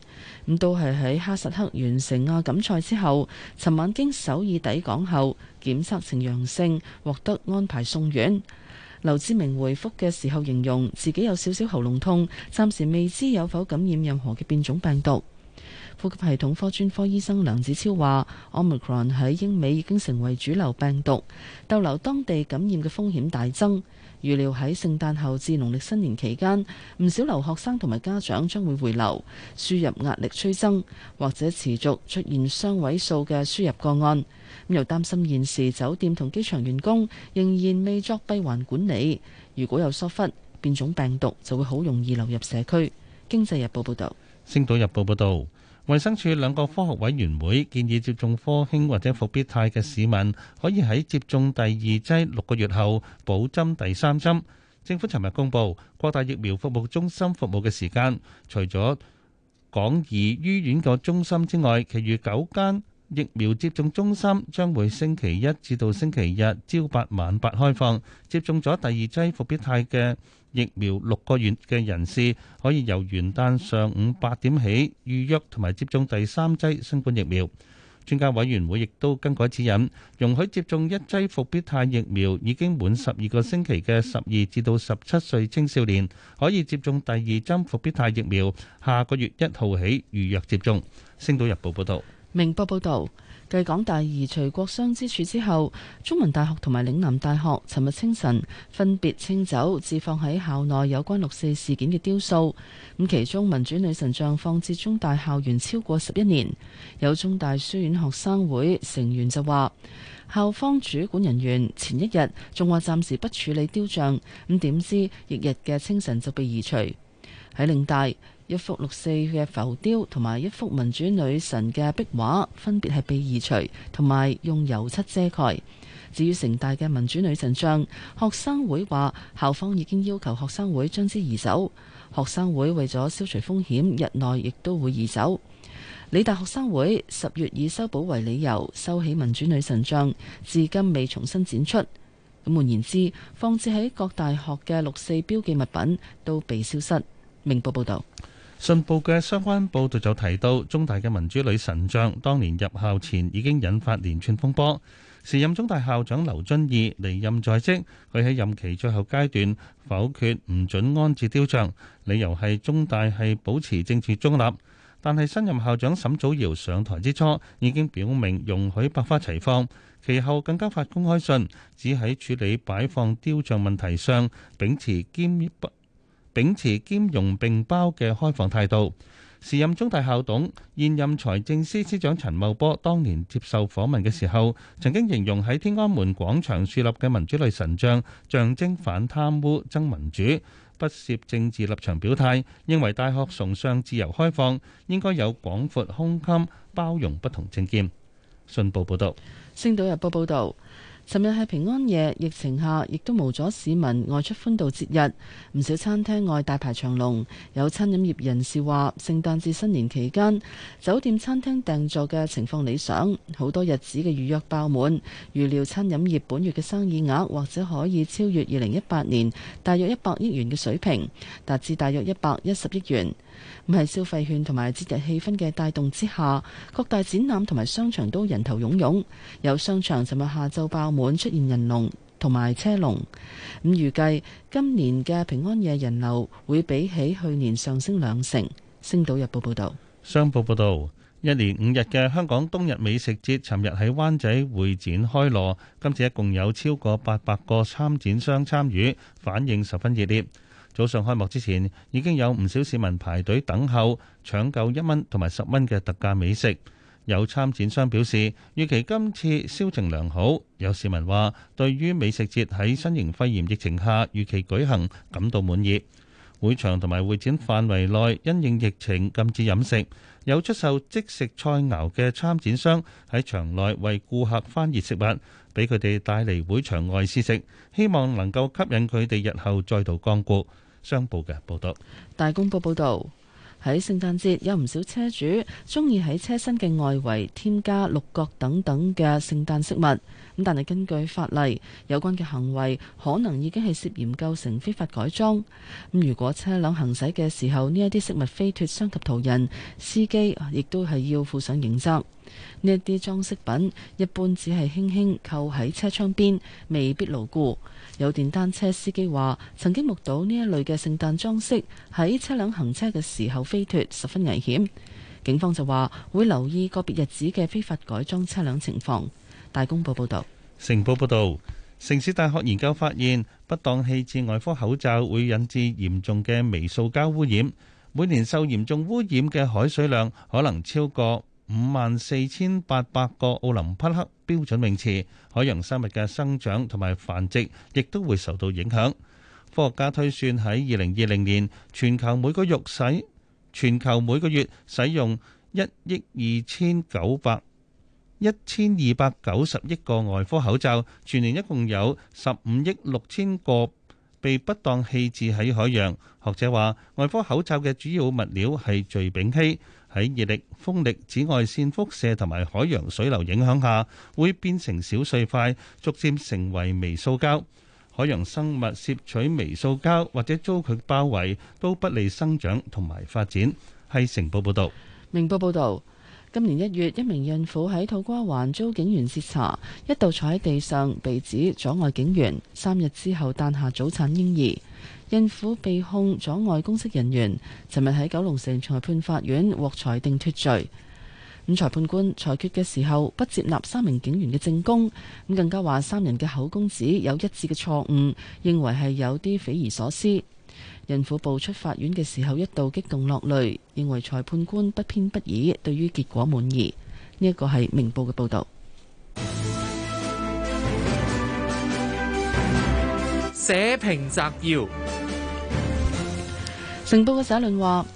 C: 嗯、都係喺哈薩克完成亞錦賽之後，尋晚經首爾抵港後檢測呈陽性，獲得安排送院。劉之明回覆嘅時候形容自己有少少喉嚨痛，暫時未知有否感染任何嘅變種病毒。呼吸系統科專科醫生梁子超話，Omicron 喺英美已經成為主流病毒，逗留當地感染嘅風險大增。預料喺聖誕後至農曆新年期間，唔少留學生同埋家長將會回流，輸入壓力催增，或者持續出現雙位數嘅輸入個案。咁又擔心現時酒店同機場員工仍然未作閉環管理，如果有疏忽，變種病毒就會好容易流入社區。經濟日報報道，
D: 《星島日報》報道。衛生署兩個科學委員會建議接種科興或者復必泰嘅市民，可以喺接種第二劑六個月後補針第三針。政府尋日公布擴大疫苗服務中心服務嘅時間，除咗港怡醫院個中心之外，其餘九間疫苗接種中心將會星期一至到星期日朝八晚八開放。接種咗第二劑復必泰嘅。疫苗六個月嘅人士可以由元旦上午八點起預約同埋接種第三劑新冠疫苗。專家委員會亦都更改指引，容許接種一劑復必泰疫苗已經滿十二個星期嘅十二至到十七歲青少年，可以接種第二針復必泰疫苗。下個月一號起預約接種。星島日報報道，
C: 明報報道。繼港大移除國殤之柱之後，中文大學同埋嶺南大學尋日清晨分別清走置放喺校內有關六四事件嘅雕塑。咁其中民主女神像放置中大校園超過十一年，有中大書院學生會成員就話，校方主管人員前一日仲話暫時不處理雕像，咁點知翌日嘅清晨就被移除。喺嶺大，一幅六四嘅浮雕同埋一幅民主女神嘅壁畫，分別係被移除同埋用油漆遮蓋。至於城大嘅民主女神像，學生會話校方已經要求學生會將之移走。學生會為咗消除風險，日內亦都會移走。理大學生會十月以修補為理由收起民主女神像，至今未重新展出。咁換言之，放置喺各大學嘅六四標記物品都被消失。明報報道。
D: 信報嘅相關報導就提到，中大嘅民主女神像當年入校前已經引發連串風波。時任中大校長劉遵義離任在即，佢喺任期最後階段否決唔準安置雕像，理由係中大係保持政治中立。但係新任校長沈祖堯上台之初已經表明容許百花齊放，其後更加發公開信，只喺處理擺放雕像問題上秉持兼不。秉持兼容並包嘅開放態度，時任中大校董、現任財政司司長陳茂波，當年接受訪問嘅時候，曾經形容喺天安門廣場樹立嘅民主女神像，象徵反貪污、爭民主，不涉政治立場表態，認為大學崇尚自由開放，應該有廣闊胸襟，包容不同政見。信報報道，
C: 星島日報報道。尋日係平安夜，疫情下亦都無阻市民外出歡度節日。唔少餐廳外大排長龍，有餐飲業人士話：聖誕至新年期間，酒店餐廳訂座嘅情況理想，好多日子嘅預約爆滿。預料餐飲業本月嘅生意額或者可以超越二零一八年大約一百億元嘅水平，達至大約一百一十億元。咁喺消費券同埋節日氣氛嘅帶動之下，各大展覽同埋商場都人頭湧湧，有商場尋日下晝爆滿，出現人龍同埋車龍。咁預計今年嘅平安夜人流會比起去年上升兩成。星島日報報道，商報報
D: 道，一連五日嘅香港冬日美食節，尋日喺灣仔會展開鑼，今次一共有超過八百個參展商參與，反應十分熱烈。早上開幕之前，已經有唔少市民排隊等候搶購一蚊同埋十蚊嘅特價美食。有參展商表示，預期今次銷情良好。有市民話，對於美食節喺新型肺炎疫情下如期舉行感到滿意。會場同埋會展範圍內因應疫情禁止飲食，有出售即食菜肴嘅參展商喺場內為顧客翻熱食物，俾佢哋帶嚟會場外試食，希望能夠吸引佢哋日後再度光顧。
C: 商報嘅報道，大公報報道，喺聖誕節有唔少車主中意喺車身嘅外圍添加鹿角等等嘅聖誕飾物。咁，但係根據法例，有關嘅行為可能已經係涉嫌構成非法改裝。咁，如果車輛行駛嘅時候，呢一啲飾物飛脱傷及途人，司機亦都係要負上刑責。呢一啲裝飾品一般只係輕輕扣喺車窗邊，未必牢固。有電單車司機話，曾經目睹呢一類嘅聖誕裝飾喺車輛行車嘅時候飛脱，十分危險。警方就話會留意個別日子嘅非法改裝車輛情況。大公報報道，成
D: 報報道，城市大學研究發現，不當棄置外科口罩會引致嚴重嘅微塑膠污染。每年受嚴重污染嘅海水量可能超過五萬四千八百個奧林匹克標準泳池。海洋生物嘅生長同埋繁殖亦都會受到影響。科學家推算，喺二零二零年，全球每個月使，全球每個月使用一億二千九百，一千二百九十億個外科口罩，全年一共有十五億六千個被不當棄置喺海洋。學者話，外科口罩嘅主要物料係聚丙烯，喺熱力、風力、紫外線輻射同埋海洋水流影響下，會變成小碎塊，逐漸成為微塑膠。海洋生物攝取微塑膠或者遭佢包圍，都不利生長同埋發展。係成報報道，
C: 明報報道。今年一月，一名孕婦喺土瓜灣遭警員截查，一度坐喺地上，被指阻礙警員。三日之後誕下早產嬰兒，孕婦被控阻礙公職人員。尋日喺九龍城裁判法院獲裁定脫罪。咁裁判官裁決嘅時候，不接納三名警員嘅證供，咁更加話三人嘅口供指有一致嘅錯誤，認為係有啲匪夷所思。孕婦步出法院嘅時候一度激動落淚，認為裁判官不偏不倚，對於結果滿意。呢一個係明報嘅報道。社評摘要，成報嘅社論話：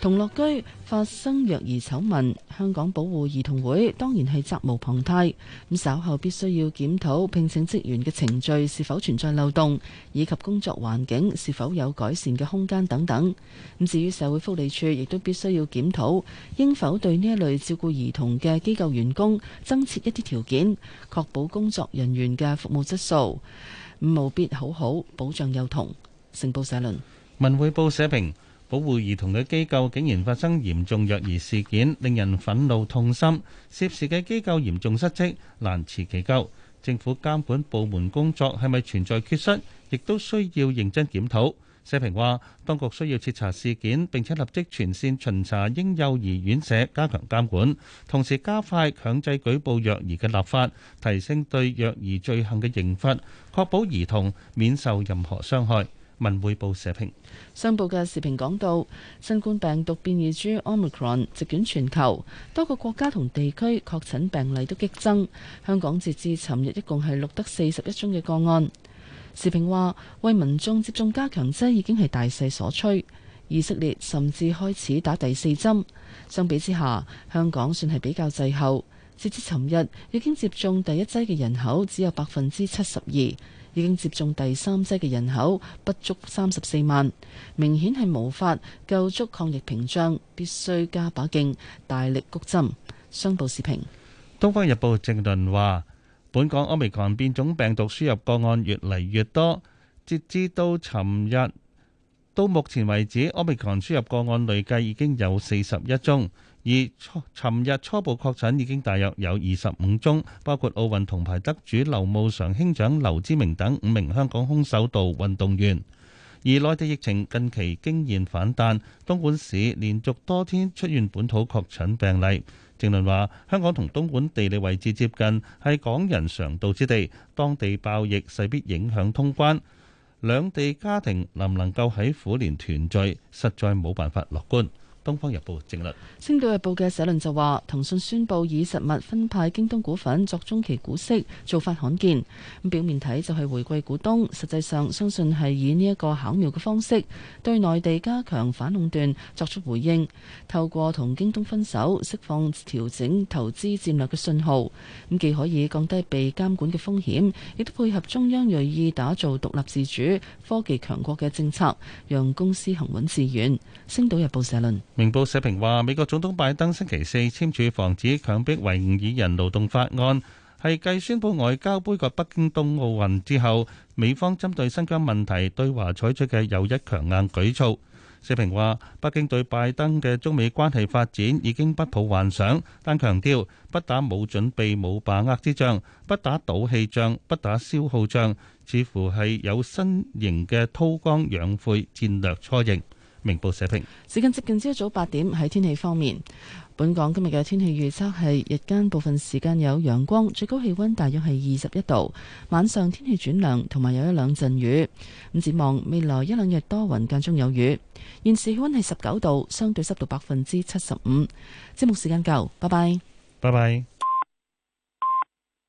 C: 同樂居。發生虐兒醜聞，香港保護兒童會當然係責無旁貸。咁稍後必須要檢討聘請職員嘅程序是否存在漏洞，以及工作環境是否有改善嘅空間等等。咁至於社會福利署亦都必須要檢討，應否對呢一類照顧兒童嘅機構員工增設一啲條件，確保工作人員嘅服務質素，務必好好保障幼童。成報社論，
D: 文匯報社評。保護兒童嘅機構竟然發生嚴重虐兒事件，令人憤怒痛心。涉事嘅機構嚴重失職，難辭其咎。政府監管部門工作係咪存在缺失，亦都需要認真檢討。社評話，當局需要徹查事件，並且立即全線巡查嬰幼兒院舍，加強監管，同時加快強制舉報虐兒嘅立法，提升對虐兒罪行嘅刑罰，確保兒童免受任何傷害。文匯報社評，
C: 商報嘅視評講到，新冠病毒變異株 Omicron 席捲全球，多個國家同地區確診病例都激增。香港截至尋日一共係錄得四十一宗嘅個案。視評話，為民眾接種加強劑已經係大勢所趨。以色列甚至開始打第四針，相比之下，香港算係比較滯後。截至尋日，已經接種第一劑嘅人口只有百分之七十二。已經接種第三劑嘅人口不足三十四萬，明顯係無法救足抗疫屏障，必須加把勁，大力谷針。商報視頻，
D: 《東方日報》正論話：本港 Omicron 變種病毒輸入個案越嚟越多，截至到尋日到目前為止，Omicron 輸入個案累計已經有四十一宗。而昨尋日初步確診已經大約有二十五宗，包括奧運銅牌得主劉慕裳兄長劉知名等五名香港空手道運動員。而內地疫情近期驚現反彈，東莞市連續多天出現本土確診病例。正論話：香港同東莞地理位置接近，係港人常到之地，當地爆疫勢必影響通關。兩地家庭能唔能夠喺虎年團聚，實在冇辦法樂觀。《東方日報》正論，
C: 《星島日報》嘅社論就話：騰訊宣布以實物分派京東股份作中期股息，做法罕見。咁表面睇就係回歸股東，實際上相信係以呢一個巧妙嘅方式對內地加強反壟斷作出回應。透過同京東分手，釋放調整投資戰略嘅信號，咁既可以降低被監管嘅風險，亦都配合中央銳意打造獨立自主科技強國嘅政策，讓公司行穩致遠。《星島日報》社論。
D: 明報社評話，美國總統拜登星期四簽署防止強迫維吾爾人勞動法案，係繼宣布外交杯葛北京冬奧運之後，美方針對新疆問題對華採取嘅又一強硬舉措。社評話，北京對拜登嘅中美關係發展已經不抱幻想，但強調不打冇準備冇把握之仗，不打賭氣仗，不打消耗仗，似乎係有新型嘅韜光養晦戰略雛形。明報社評，
C: 時間接近朝早八點。喺天氣方面，本港今日嘅天氣預測係日間部分時間有陽光，最高氣溫大約係二十一度。晚上天氣轉涼，同埋有一兩陣雨。咁展望未來一兩日多雲間中有雨。現時氣溫係十九度，相對濕度百分之七十五。節目時間夠，拜拜。
D: 拜拜。